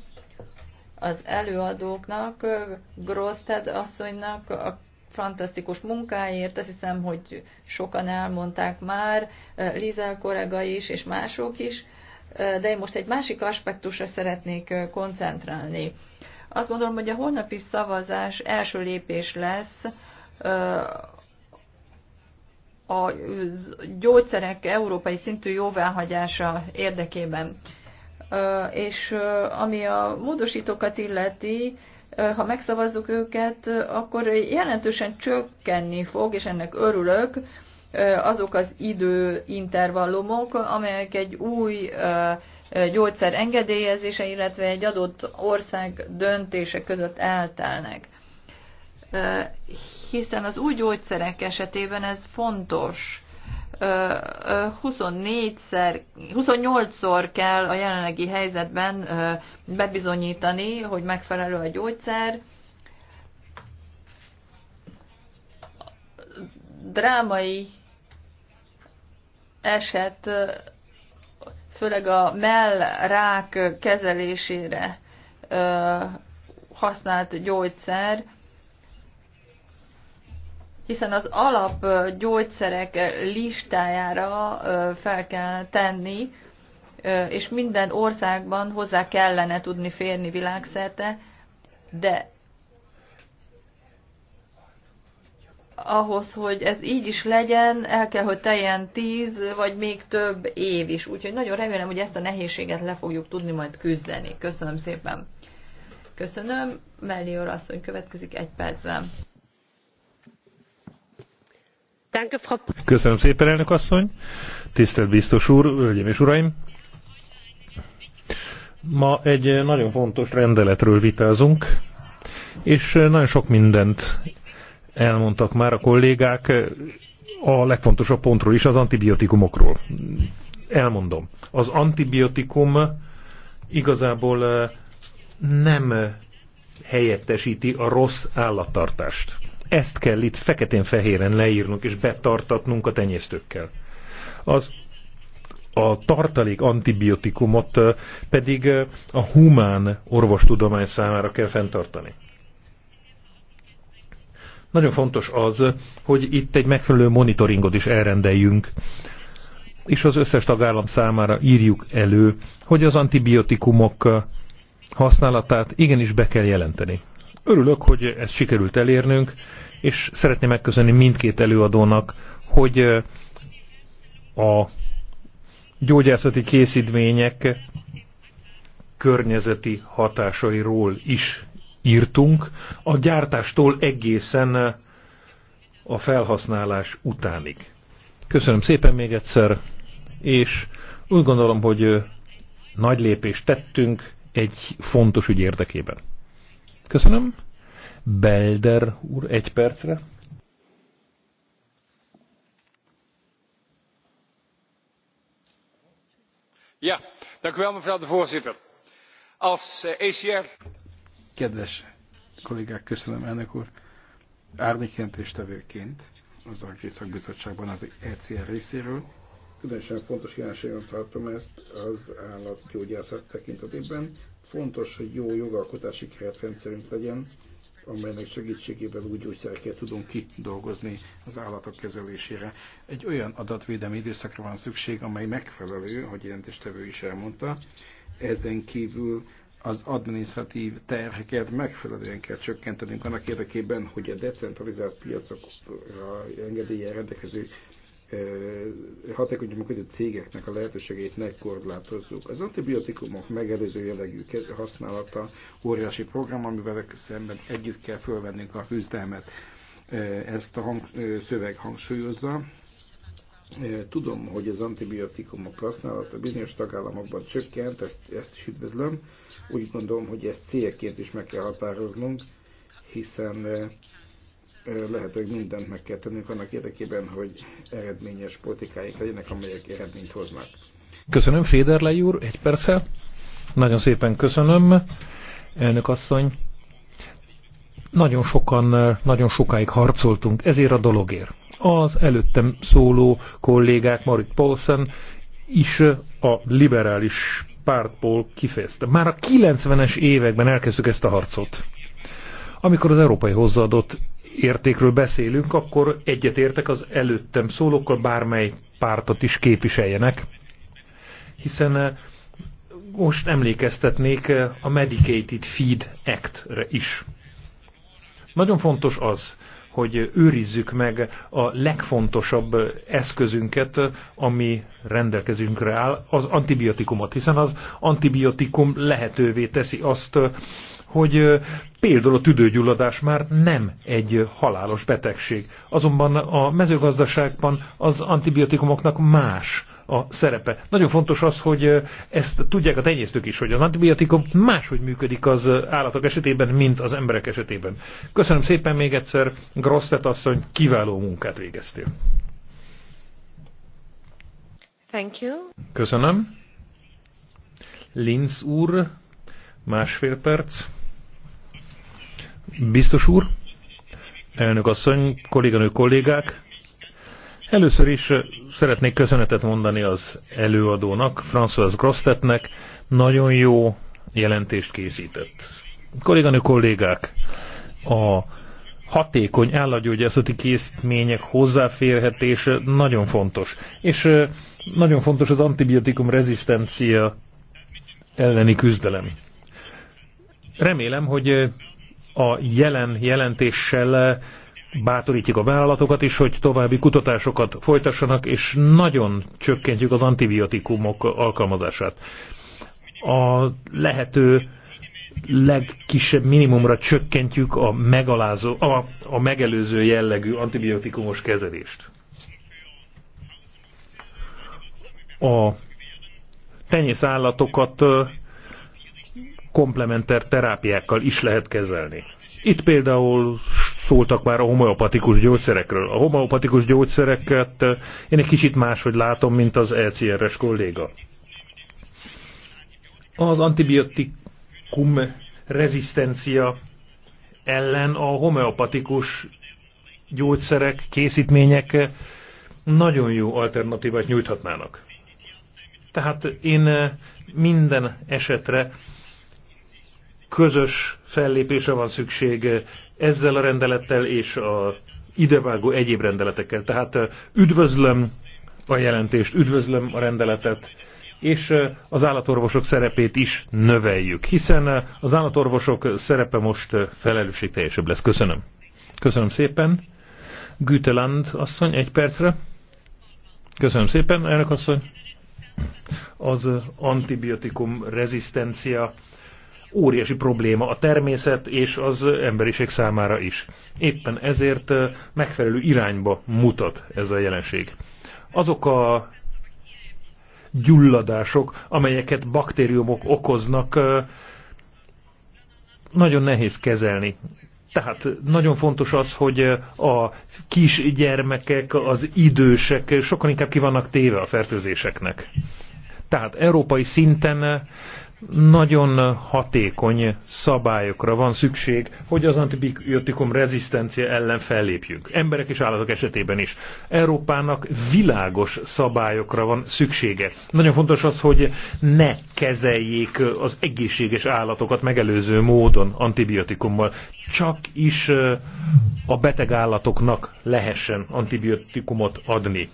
az előadóknak, Grosted asszonynak, a fantasztikus munkáért, azt hiszem, hogy sokan elmondták már, Lizel korega is, és mások is de én most egy másik aspektusra szeretnék koncentrálni. Azt gondolom, hogy a holnapi szavazás első lépés lesz a gyógyszerek európai szintű jóváhagyása érdekében. És ami a módosítókat illeti, ha megszavazzuk őket, akkor jelentősen csökkenni fog, és ennek örülök, azok az időintervallumok, amelyek egy új gyógyszer engedélyezése, illetve egy adott ország döntése között eltelnek. Hiszen az új gyógyszerek esetében ez fontos. 24 28-szor kell a jelenlegi helyzetben bebizonyítani, hogy megfelelő a gyógyszer. Drámai eset főleg a mellrák kezelésére használt gyógyszer, hiszen az alap gyógyszerek listájára fel kell tenni, és minden országban hozzá kellene tudni férni világszerte, de ahhoz, hogy ez így is legyen, el kell, hogy teljen tíz, vagy még több év is. Úgyhogy nagyon remélem, hogy ezt a nehézséget le fogjuk tudni majd küzdeni. Köszönöm szépen. Köszönöm. Melior asszony következik egy percben. Köszönöm szépen, elnök asszony. Tisztelt biztos úr, hölgyeim és uraim. Ma egy nagyon fontos rendeletről vitázunk, és nagyon sok mindent elmondtak már a kollégák a legfontosabb pontról is, az antibiotikumokról. Elmondom. Az antibiotikum igazából eh, nem helyettesíti a rossz állattartást. Ezt kell itt feketén-fehéren leírnunk és betartatnunk a tenyésztőkkel. Az a tartalék antibiotikumot eh, pedig eh, a humán orvostudomány számára kell fenntartani. Nagyon fontos az, hogy itt egy megfelelő monitoringot is elrendeljünk, és az összes tagállam számára írjuk elő, hogy az antibiotikumok használatát igenis be kell jelenteni. Örülök, hogy ezt sikerült elérnünk, és szeretném megköszönni mindkét előadónak, hogy a gyógyászati készítmények környezeti hatásairól is írtunk, a gyártástól egészen a felhasználás utánig. Köszönöm szépen még egyszer, és úgy gondolom, hogy nagy lépést tettünk egy fontos ügy érdekében. Köszönöm. Belder úr, egy percre. Ja, dank u wel mevrouw de voorzitter. Als ECR... Eh, e Kedves kollégák, köszönöm elnök úr. Árnyékjelentéstevőként az Alkrészak Bizottságban az ECR részéről. Különösen fontos jelenségen tartom ezt az állatgyógyászat tekintetében. Fontos, hogy jó jogalkotási keretrendszerünk legyen, amelynek segítségével úgy gyógyszereket tudunk kidolgozni az állatok kezelésére. Egy olyan adatvédelmi időszakra van szükség, amely megfelelő, hogy jelentéstevő is elmondta. Ezen kívül az adminisztratív terheket megfelelően kell csökkentenünk annak érdekében, hogy a decentralizált piacokra engedélye rendelkező hatékony működő cégeknek a lehetőségeit ne korlátozzuk. Az antibiotikumok megelőző jellegű használata óriási program, amivel szemben együtt kell fölvennünk a küzdelmet. Ezt a hang, szöveg hangsúlyozza. Tudom, hogy az antibiotikumok használata bizonyos tagállamokban csökkent, ezt, ezt is üdvözlöm. Úgy gondolom, hogy ezt célként is meg kell határoznunk, hiszen lehet, hogy mindent meg kell tennünk annak érdekében, hogy eredményes politikáik legyenek, amelyek eredményt hoznak. Köszönöm, Féderlei úr, egy perccel. Nagyon szépen köszönöm, elnök asszony. Nagyon sokan, nagyon sokáig harcoltunk ezért a dologért. Az előttem szóló kollégák, Marit Paulsen is a liberális pártból kifejezte. Már a 90-es években elkezdtük ezt a harcot. Amikor az európai hozzáadott értékről beszélünk, akkor egyetértek az előttem szólókkal, bármely pártot is képviseljenek, hiszen eh, most emlékeztetnék eh, a Medicated Feed Act-re is. Nagyon fontos az, hogy őrizzük meg a legfontosabb eszközünket, ami rendelkezünkre áll, az antibiotikumot, hiszen az antibiotikum lehetővé teszi azt, hogy például a tüdőgyulladás már nem egy halálos betegség. Azonban a mezőgazdaságban az antibiotikumoknak más a szerepe. Nagyon fontos az, hogy ezt tudják a tenyésztők is, hogy az antibiotikum máshogy működik az állatok esetében, mint az emberek esetében. Köszönöm szépen még egyszer, Grosztet asszony, kiváló munkát végeztél. Thank you. Köszönöm. Linz úr, másfél perc. Biztos úr, elnök asszony, kolléganő kollégák, Először is szeretnék köszönetet mondani az előadónak, François Grostetnek, nagyon jó jelentést készített. Kolléganő kollégák, a hatékony állatgyógyászati készítmények hozzáférhetése nagyon fontos. És nagyon fontos az antibiotikum rezisztencia elleni küzdelem. Remélem, hogy a jelen jelentéssel bátorítjuk a vállalatokat is, hogy további kutatásokat folytassanak, és nagyon csökkentjük az antibiotikumok alkalmazását. A lehető legkisebb minimumra csökkentjük a, megalázó, a, a megelőző jellegű antibiotikumos kezelést. A tenyészállatokat komplementer terápiákkal is lehet kezelni. Itt például szóltak már a homeopatikus gyógyszerekről. A homeopatikus gyógyszereket eh, én egy kicsit máshogy látom, mint az ECR-es kolléga. Az antibiotikum rezisztencia ellen a homeopatikus gyógyszerek, készítmények nagyon jó alternatívát nyújthatnának. Tehát én eh, minden esetre közös fellépésre van szükség eh, ezzel a rendelettel és a idevágó egyéb rendeletekkel. Tehát üdvözlöm a jelentést, üdvözlöm a rendeletet, és az állatorvosok szerepét is növeljük, hiszen az állatorvosok szerepe most felelősségteljesebb lesz. Köszönöm. Köszönöm szépen. Güteland asszony, egy percre. Köszönöm szépen, elnök asszony. Az antibiotikum rezisztencia óriási probléma a természet és az emberiség számára is. Éppen ezért megfelelő irányba mutat ez a jelenség. Azok a gyulladások, amelyeket baktériumok okoznak, nagyon nehéz kezelni. Tehát nagyon fontos az, hogy a kisgyermekek, az idősek sokkal inkább kivannak téve a fertőzéseknek. Tehát európai szinten nagyon hatékony szabályokra van szükség, hogy az antibiotikum rezisztencia ellen fellépjünk. Emberek és állatok esetében is. Európának világos szabályokra van szüksége. Nagyon fontos az, hogy ne kezeljék az egészséges állatokat megelőző módon antibiotikummal. Csak is a beteg állatoknak lehessen antibiotikumot adni.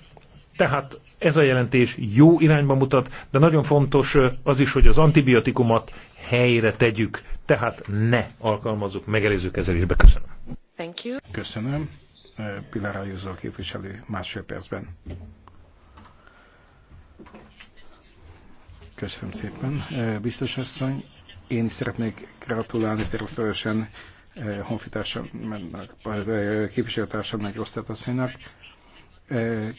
Tehát ez a jelentés jó irányba mutat, de nagyon fontos az is, hogy az antibiotikumot helyre tegyük, tehát ne alkalmazzuk megelőző kezelésbe. Köszönöm. Thank you. Köszönöm. Pilar Ajuzó képviselő másfél percben. Köszönöm szépen. Biztos asszony, én is szeretnék gratulálni természetesen meg képviselőtársamnak, osztálytasszonynak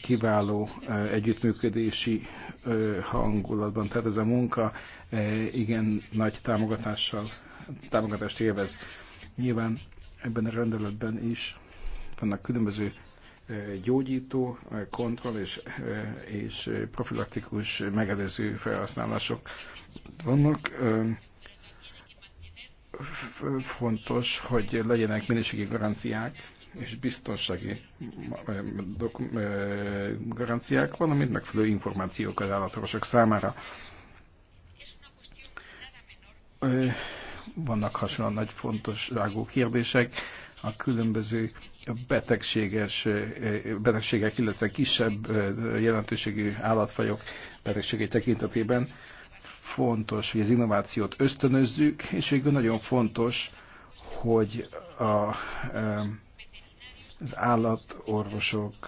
kiváló együttműködési hangulatban. Tehát ez a munka igen nagy támogatással, támogatást élvez. Nyilván ebben a rendeletben is vannak különböző gyógyító, kontroll és, és profilaktikus megelőző felhasználások vannak. Fontos, hogy legyenek minőségi garanciák és biztonsági eh, eh, garanciák, amit megfelelő információk az állatorvosok számára. Eh, vannak hasonlóan nagy fontosságú kérdések, a különböző betegséges, betegségek, illetve kisebb jelentőségű állatfajok betegségei tekintetében fontos, hogy az innovációt ösztönözzük, és végül nagyon fontos, hogy a, a az állatorvosok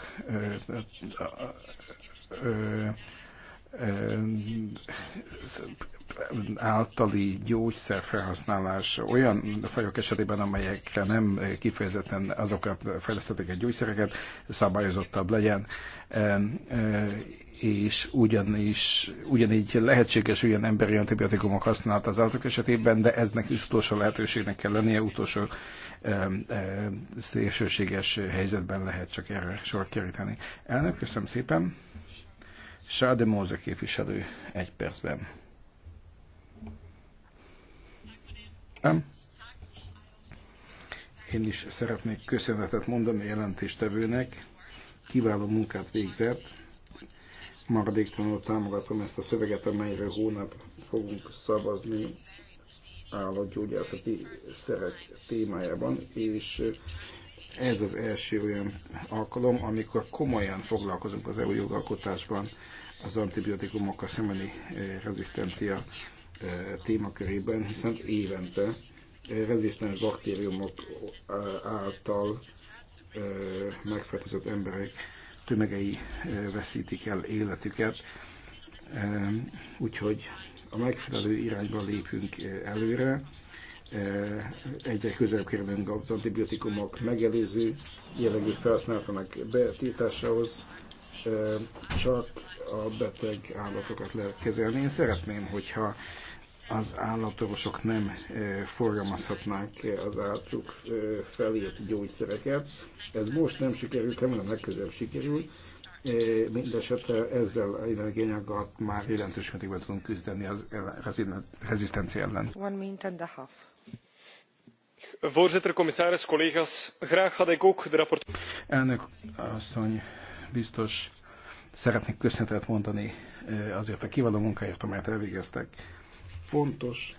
általi gyógyszer felhasználás olyan fajok esetében, amelyekre nem kifejezetten azokat fejlesztették egy gyógyszereket, szabályozottabb legyen, e, e, és ugyanis, ugyanígy lehetséges olyan emberi antibiotikumok használata az állatok esetében, de eznek is utolsó lehetőségnek kell lennie, utolsó e, szélsőséges helyzetben lehet csak erre sor keríteni. Elnök, köszönöm szépen. Sáde Móze képviselő egy percben. nem? Én is szeretnék köszönetet mondani a jelentéstevőnek. Kiváló munkát végzett. Maradéktalanul támogatom ezt a szöveget, amelyre hónap fogunk szavazni állatgyógyászati szerek témájában, és ez az első olyan alkalom, amikor komolyan foglalkozunk az EU jogalkotásban az antibiotikumokkal szembeni rezisztencia témakörében, hiszen évente rezisztens baktériumok által megfertőzött emberek tömegei veszítik el életüket. Úgyhogy a megfelelő irányba lépünk előre, egyre közelebb kerülünk az antibiotikumok megelőző jellegű felhasználatának betiltásához, csak a beteg állatokat lehet kezelni. Én szeretném, hogyha az állatorvosok nem forgalmazhatnák az állatuk felírt gyógyszereket. Ez most nem sikerült, remélem legközelebb sikerül. Mindenesetre ezzel a energiányaggal már jelentős mértékben tudunk küzdeni az rezisztencia ellen. One minute and a half. Voorzitter, commissaris, collega's, graag had ik ook de rapport... Elnök asszony, biztos, szeretnék köszönetet mondani azért a kiváló munkáért, amelyet elvégeztek. Fontos,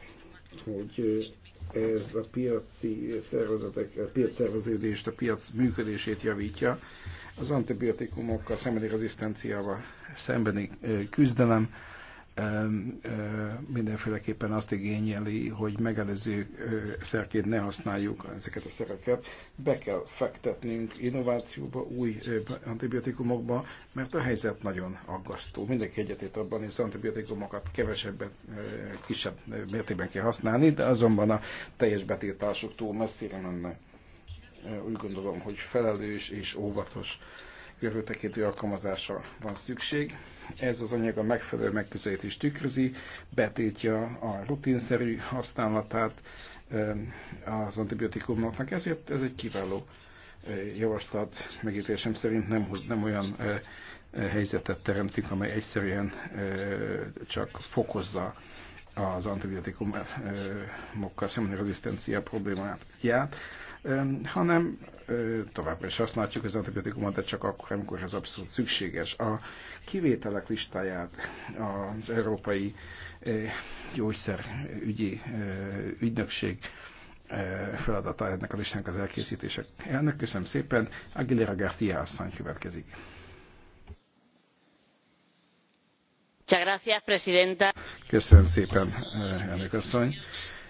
hogy ez a piaci szervezetek, a piac szerveződést, a piac működését javítja. Az antibiotikumokkal szembeni rezisztenciával szembeni küzdelem mindenféleképpen azt igényeli, hogy megelező szerként ne használjuk ezeket a szereket. Be kell fektetnünk innovációba, új antibiotikumokba, mert a helyzet nagyon aggasztó. Mindenki egyetét abban, hogy az antibiotikumokat kevesebbet, kisebb mértékben kell használni, de azonban a teljes túl messzire menne. Úgy gondolom, hogy felelős és óvatos jövőtekintő alkalmazásra van szükség. Ez az anyag a megfelelő megközelítést tükrözi, betiltja a rutinszerű használatát eh, az antibiotikumoknak, ezért ez egy kiváló eh, javaslat, megítélésem szerint nem, nem olyan eh, helyzetet teremtünk, amely egyszerűen csak fokozza az antibiotikumokkal szemben rezisztencia problémáját hanem továbbra is használhatjuk az antibiotikumot, de csak akkor, amikor ez abszolút szükséges. A kivételek listáját az Európai Gyógyszerügyi Ügynökség feladata ennek a listának az elkészítések. Elnök, köszönöm szépen. Aguilera García asszony következik. Köszönöm szépen, elnök asszony.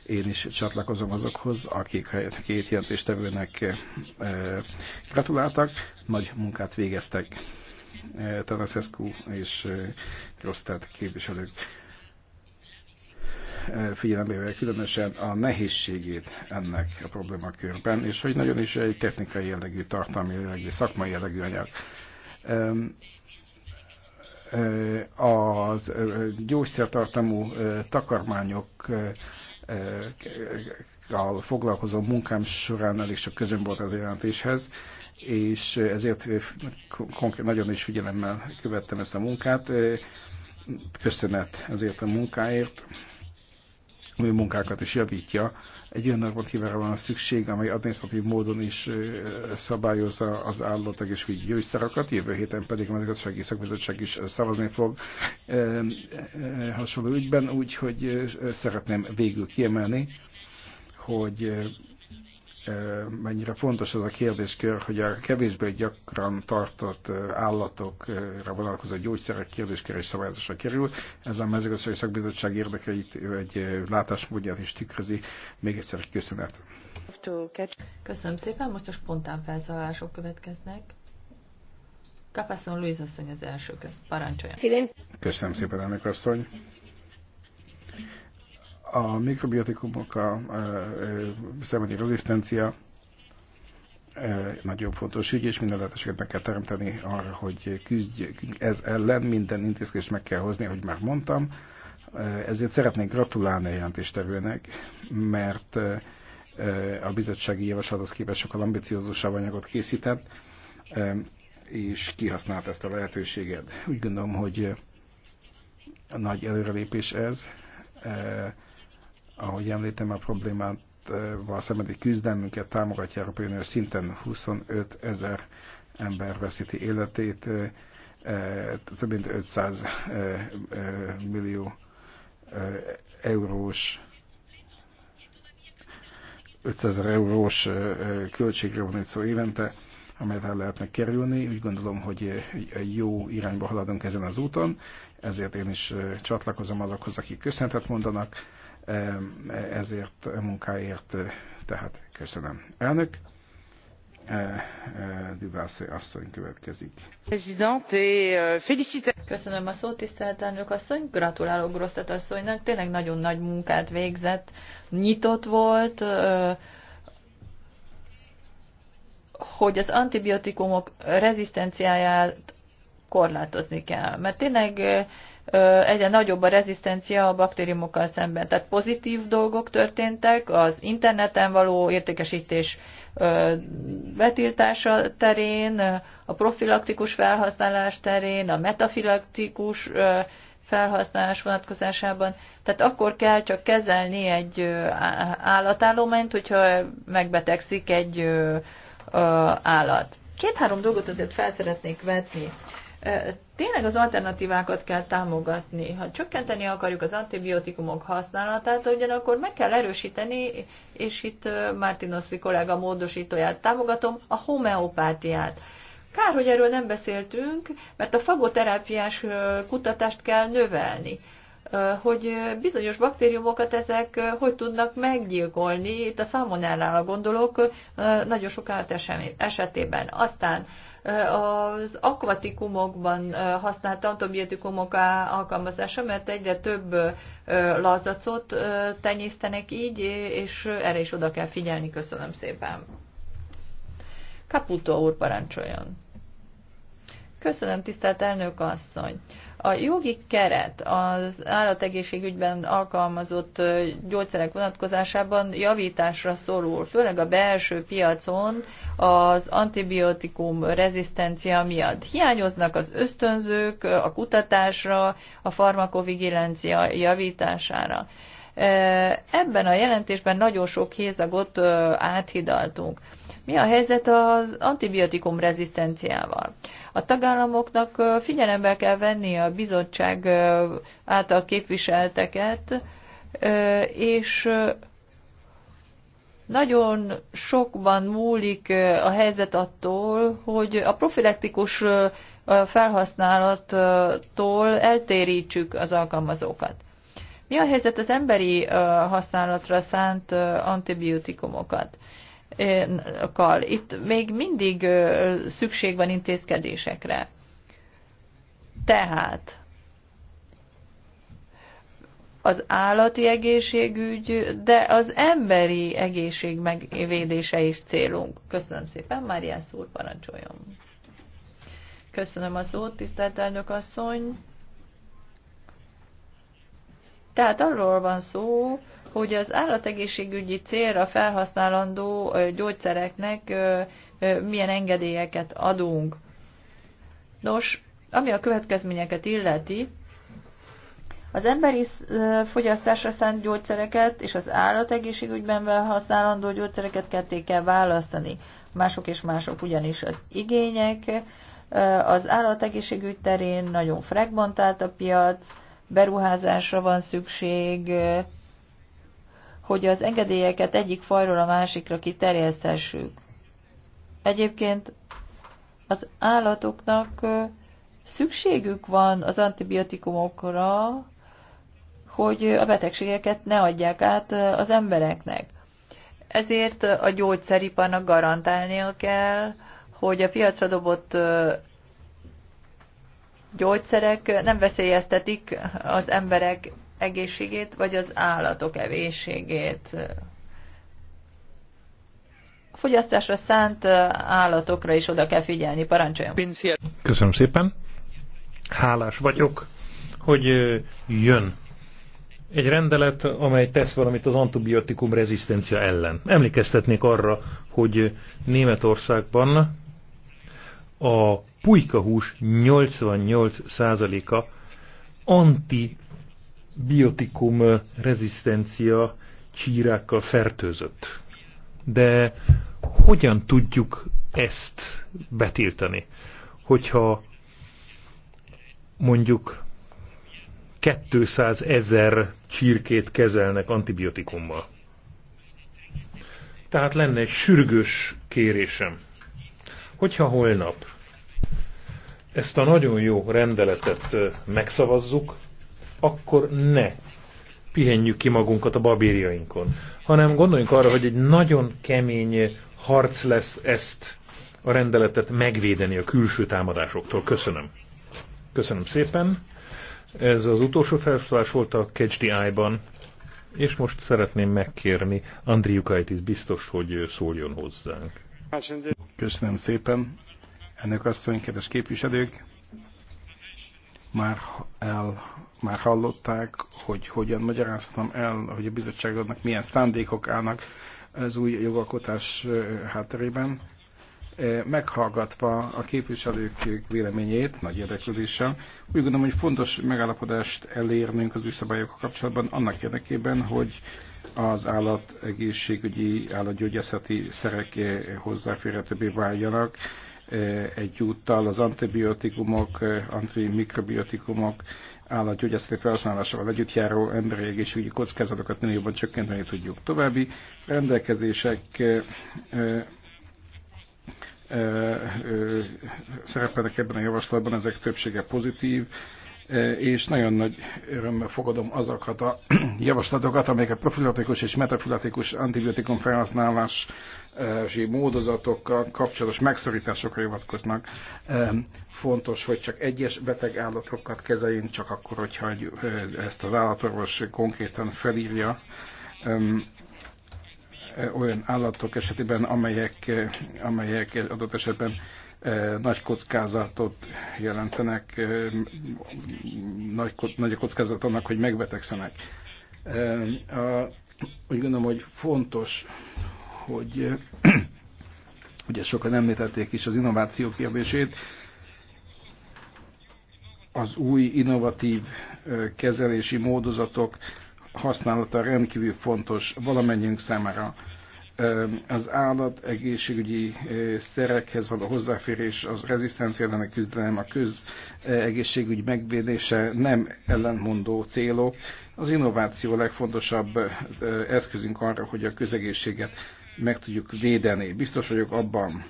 Én is csatlakozom azokhoz, akik a két jelentéstevőnek eh, gratuláltak, nagy munkát végeztek eh, Tanaszeszkú és Krosztát eh, képviselők figyelembe különösen a nehézségét ennek a problémakörben, és hogy nagyon is egy technikai jellegű, tartalmi jellegű, szakmai jellegű anyag. A gyógyszertartamú takarmányok Eh, foglalkozó munkám során elég sok közön volt az jelentéshez, és ezért nagyon is figyelemmel követtem ezt a munkát. Köszönet ezért a munkáért, ami munkákat is javítja egy olyan normatívára van szükség, amely adminisztratív módon is szabályozza az és gyógyszerokat, jövő héten pedig a Magyarországi Szakbizottság is szavazni fog hasonló ügyben, úgyhogy szeretném végül kiemelni, hogy mennyire fontos az a kérdéskör, hogy a kevésbé gyakran tartott állatokra vonatkozó gyógyszerek kérdéskör és szabályozásra kerül. Ez a mezőgazdasági szakbizottság érdekeit egy látásmódját is tükrözi. Még egyszer köszönet. Köszönöm szépen, most a spontán felszállások következnek. Kapaszon Luisa asszony az első köz. Parancsolja. Köszönöm szépen, elnök asszony a mikrobiotikumok, a szemeni rezisztencia nagyon fontos ügy, és minden lehetőséget meg kell teremteni arra, hogy küzdjünk ez ellen, minden intézkedést meg kell hozni, ahogy már mondtam. Ezért szeretnék gratulálni a jelentéstevőnek, mert a bizottsági javaslathoz képest sokkal ambiciózusabb anyagot készített, és kihasznált ezt a lehetőséget. Úgy gondolom, hogy nagy előrelépés ez ahogy említem, a problémát eh, szembeni küzdelmünket támogatja Európai Unió szinten 25 ezer ember veszíti életét, eh, eh, több mint 500 millió eurós 500 eurós költségre van egy szó évente, amelyet el lehetne kerülni. Úgy gondolom, hogy jó irányba haladunk ezen az úton, ezért én is csatlakozom azokhoz, akik köszöntet mondanak ezért a munkáért, tehát köszönöm. Elnök, e, e, Dubászé asszony következik. Euh, köszönöm a szót, tisztelt elnök asszony, gratulálok Grosszat asszonynak, tényleg nagyon nagy munkát végzett, nyitott volt, hogy az antibiotikumok rezisztenciáját korlátozni kell, mert tényleg egyre nagyobb a rezisztencia a baktériumokkal szemben. Tehát pozitív dolgok történtek, az interneten való értékesítés betiltása terén, a profilaktikus felhasználás terén, a metafilaktikus felhasználás vonatkozásában. Tehát akkor kell csak kezelni egy állatállományt, hogyha megbetegszik egy állat. Két-három dolgot azért fel szeretnék vetni tényleg az alternatívákat kell támogatni. Ha csökkenteni akarjuk az antibiotikumok használatát, ugyanakkor meg kell erősíteni, és itt Martinoszi kollega módosítóját támogatom, a homeopátiát. Kár, hogy erről nem beszéltünk, mert a fagoterápiás kutatást kell növelni hogy bizonyos baktériumokat ezek hogy tudnak meggyilkolni, itt a szalmonellával gondolok, nagyon sok esetében. Aztán az akvatikumokban használt antibiotikumok alkalmazása, mert egyre több lazacot tenyésztenek így, és erre is oda kell figyelni. Köszönöm szépen. Caputo úr parancsoljon. Köszönöm, tisztelt elnök asszony. A jogi keret az állategészségügyben alkalmazott gyógyszerek vonatkozásában javításra szorul, főleg a belső piacon az antibiotikum rezisztencia miatt. Hiányoznak az ösztönzők a kutatásra, a farmakovigilencia javítására. Ebben a jelentésben nagyon sok hézagot áthidaltunk. Mi a helyzet az antibiotikum rezisztenciával? A tagállamoknak figyelembe kell venni a bizottság által képviselteket, és nagyon sokban múlik a helyzet attól, hogy a profilaktikus felhasználattól eltérítsük az alkalmazókat. Mi a helyzet az emberi használatra szánt antibiotikumokat? kal. Itt még mindig szükség van intézkedésekre. Tehát az állati egészségügy, de az emberi egészség megvédése is célunk. Köszönöm szépen, Máriász úr, parancsoljon. Köszönöm a szót, tisztelt elnök asszony. Tehát arról van szó, hogy az állategészségügyi célra felhasználandó gyógyszereknek milyen engedélyeket adunk. Nos, ami a következményeket illeti, az emberi fogyasztásra szánt gyógyszereket és az állategészségügyben felhasználandó gyógyszereket ketté kell választani. Mások és mások ugyanis az igények. Az állategészségügy terén nagyon fragmentált a piac, beruházásra van szükség, hogy az engedélyeket egyik fajról a másikra kiterjesztessük. Egyébként az állatoknak szükségük van az antibiotikumokra, hogy a betegségeket ne adják át az embereknek. Ezért a gyógyszeriparnak garantálnia kell, hogy a piacra dobott gyógyszerek nem veszélyeztetik az emberek egészségét, vagy az állatok evészségét. A fogyasztásra szánt állatokra is oda kell figyelni, parancsoljon. Köszönöm szépen. Hálás vagyok, hogy jön egy rendelet, amely tesz valamit az antibiotikum rezisztencia ellen. Emlékeztetnék arra, hogy Németországban a pulykahús 88%-a anti biotikum rezisztencia csírákkal fertőzött. De hogyan tudjuk ezt betiltani? Hogyha mondjuk 200 ezer csirkét kezelnek antibiotikummal. Tehát lenne egy sürgős kérésem, hogyha holnap ezt a nagyon jó rendeletet megszavazzuk, akkor ne pihenjük ki magunkat a babírjainkon, hanem gondoljunk arra, hogy egy nagyon kemény harc lesz ezt a rendeletet megvédeni a külső támadásoktól. Köszönöm. Köszönöm szépen. Ez az utolsó felszólás volt a eye ban és most szeretném megkérni Andriukaitis, biztos, hogy szóljon hozzánk. Köszönöm szépen. Ennek asszony, kedves képviselők, már el már hallották, hogy hogyan magyaráztam el, hogy a bizottságodnak milyen szándékok állnak az új jogalkotás hátterében. Meghallgatva a képviselők véleményét, nagy érdeklődéssel, úgy gondolom, hogy fontos megállapodást elérnünk az új szabályokkal kapcsolatban annak érdekében, hogy az állategészségügyi, állatgyógyászati szerek hozzáférhetőbbé váljanak, Eh, egyúttal az antibiotikumok, eh, antimikrobiotikumok állatgyógyászati felhasználásával együtt járó emberi egészségügyi kockázatokat minél jobban csökkenteni tudjuk. További rendelkezések eh, szerepelnek ebben a javaslatban, ezek többsége pozitív, E, és nagyon nagy örömmel fogadom azokat a <clears throat> javaslatokat, amelyek a profilatikus és metafilatikus antibiotikum felhasználási módozatokkal kapcsolatos megszorításokra hivatkoznak. E, fontos, hogy csak egyes beteg állatokat kezeljünk, csak akkor, hogyha e, ezt az állatorvos konkrétan felírja olyan állatok esetében, amelyek, amelyek adott esetben nagy kockázatot jelentenek, nagy, nagy a kockázat annak, hogy megbetegszenek. A, úgy gondolom, hogy fontos, hogy <clears throat> ugye sokan említették is az innováció kérdését, az új innovatív kezelési módozatok használata rendkívül fontos valamennyiünk számára az állat egészségügyi szerekhez való hozzáférés, az rezisztencia ellenek küzdelem, a közegészségügy megvédése nem ellentmondó célok. Az innováció a legfontosabb eszközünk arra, hogy a közegészséget meg tudjuk védeni. Biztos vagyok abban,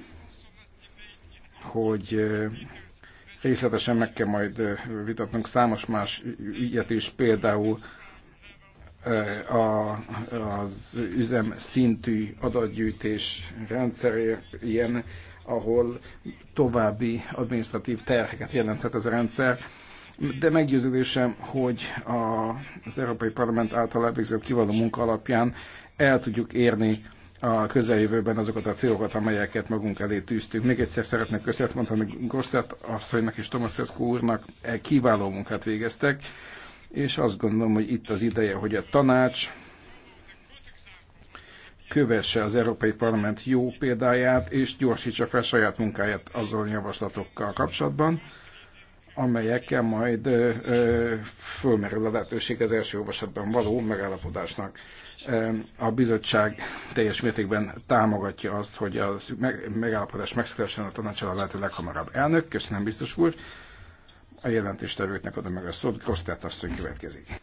hogy részletesen meg kell majd vitatnunk számos más ügyet is, például a, az üzem szintű adatgyűjtés rendszerért ilyen, ahol további administratív terheket jelenthet ez a rendszer, de meggyőződésem, hogy a az Európai Parlament által elvégzett kiváló munka alapján el tudjuk érni a közeljövőben azokat a célokat, amelyeket magunk elé tűztünk. Még egyszer szeretnék köszönet mondani Gostet asszonynak és Tomaszeszko úrnak, e kiváló munkát végeztek és azt gondolom, hogy itt az ideje, hogy a tanács kövesse az Európai Parlament jó példáját, és gyorsítsa fel saját munkáját azon javaslatokkal kapcsolatban, amelyekkel majd ö, ö, fölmerül a lehetőség az első olvasatban való megállapodásnak. A bizottság teljes mértékben támogatja azt, hogy a megállapodás megszülessen a tanácsal a lehető leghamarabb. Elnök, köszönöm biztos úr. A jelentéstevőknek adom meg a szót, Kosztát asszony következik.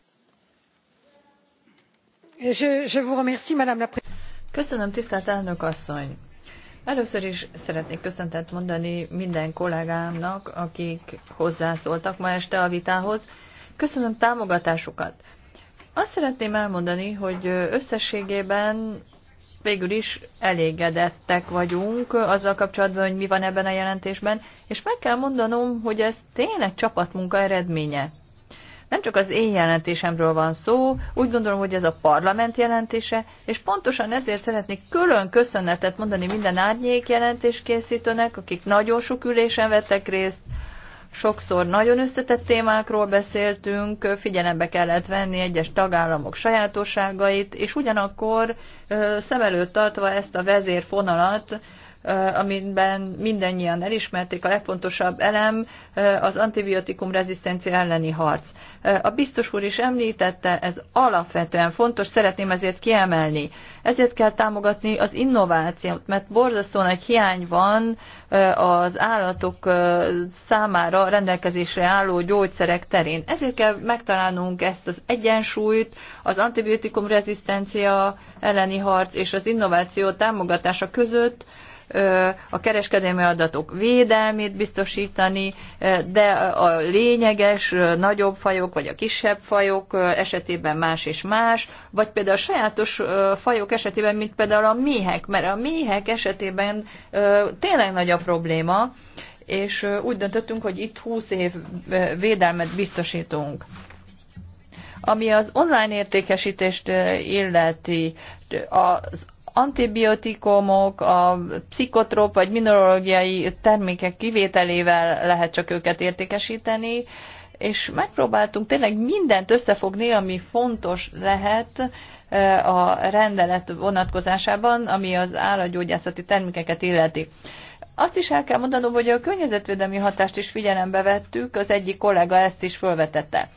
Köszönöm, tisztelt elnök asszony! Először is szeretnék köszöntet mondani minden kollégámnak, akik hozzászóltak ma este a vitához. Köszönöm támogatásukat. Azt szeretném elmondani, hogy összességében végül is elégedettek vagyunk azzal kapcsolatban, hogy mi van ebben a jelentésben, és meg kell mondanom, hogy ez tényleg csapatmunka eredménye. Nem csak az én jelentésemről van szó, úgy gondolom, hogy ez a parlament jelentése, és pontosan ezért szeretnék külön köszönetet mondani minden árnyék jelentéskészítőnek, akik nagyon sok ülésen vettek részt, sokszor nagyon összetett témákról beszéltünk, figyelembe kellett venni egyes tagállamok sajátosságait, és ugyanakkor szem előtt tartva ezt a vezérfonalat, Eh, amiben mindannyian elismerték, a legfontosabb elem eh, az antibiotikum rezisztencia elleni harc. Eh, a biztos úr is említette, ez alapvetően fontos, szeretném ezért kiemelni. Ezért kell támogatni az innovációt, mert borzasztó nagy hiány van az állatok számára rendelkezésre álló gyógyszerek terén. Ezért kell megtalálnunk ezt az egyensúlyt, az antibiotikum rezisztencia elleni harc és az innováció támogatása között, a kereskedelmi adatok védelmét biztosítani, de a lényeges, nagyobb fajok vagy a kisebb fajok esetében más és más, vagy például a sajátos fajok esetében, mint például a méhek, mert a méhek esetében tényleg nagy a probléma, és úgy döntöttünk, hogy itt 20 év védelmet biztosítunk. Ami az online értékesítést illeti, az antibiotikumok, a pszichotrop vagy minorológiai termékek kivételével lehet csak őket értékesíteni, és megpróbáltunk tényleg mindent összefogni, ami fontos lehet a rendelet vonatkozásában, ami az állatgyógyászati termékeket illeti. Azt is el kell mondanom, hogy a környezetvédelmi hatást is figyelembe vettük, az egyik kollega ezt is felvetette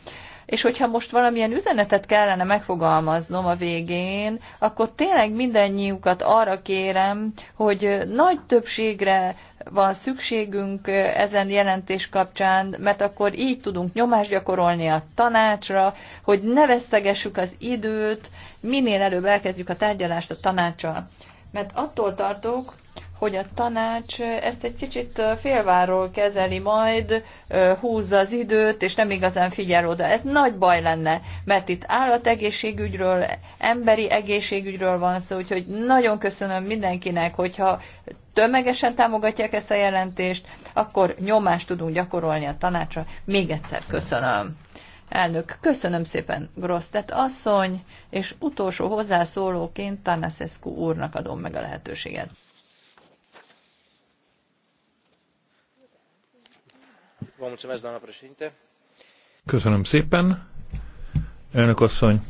és hogyha most valamilyen üzenetet kellene megfogalmaznom a végén, akkor tényleg mindennyiukat arra kérem, hogy nagy többségre van szükségünk ezen jelentés kapcsán, mert akkor így tudunk nyomást gyakorolni a tanácsra, hogy ne veszegessük az időt, minél előbb elkezdjük a tárgyalást a tanácsal. Mert attól tartok, hogy a tanács ezt egy kicsit félváról kezeli majd, húzza az időt, és nem igazán figyel oda. Ez nagy baj lenne, mert itt állategészségügyről, emberi egészségügyről van szó, úgyhogy nagyon köszönöm mindenkinek, hogyha tömegesen támogatják ezt a jelentést, akkor nyomást tudunk gyakorolni a tanácsra. Még egyszer köszönöm. Elnök, köszönöm szépen, Grosztet asszony, és utolsó hozzászólóként Tarnaszeszku úrnak adom meg a lehetőséget. doamnă președinte. Köszönöm szépen, elnök asszony.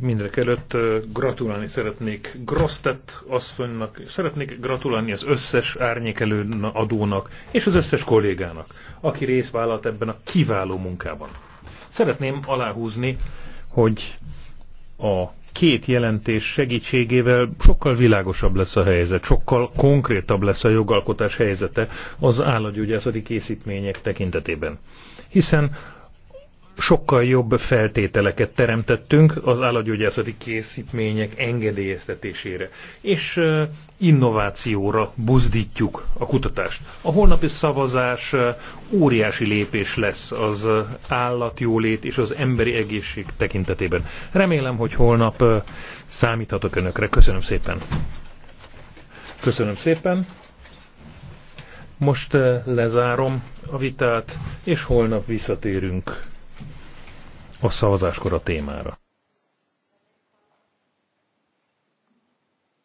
Mindrek előtt gratulálni szeretnék Grosztett asszonynak, szeretnék gratulálni az összes árnyékelő adónak és az összes kollégának, aki részt vállalt ebben a kiváló munkában. Szeretném aláhúzni, hogy a két jelentés segítségével sokkal világosabb lesz a helyzet, sokkal konkrétabb lesz a jogalkotás helyzete az állatgyógyászati készítmények tekintetében. Hiszen sokkal jobb feltételeket teremtettünk az állatgyógyászati készítmények engedélyeztetésére, és innovációra buzdítjuk a kutatást. A holnapi szavazás óriási lépés lesz az állatjólét és az emberi egészség tekintetében. Remélem, hogy holnap számíthatok önökre. Köszönöm szépen! Köszönöm szépen! Most lezárom a vitát, és holnap visszatérünk a szavazáskor a témára.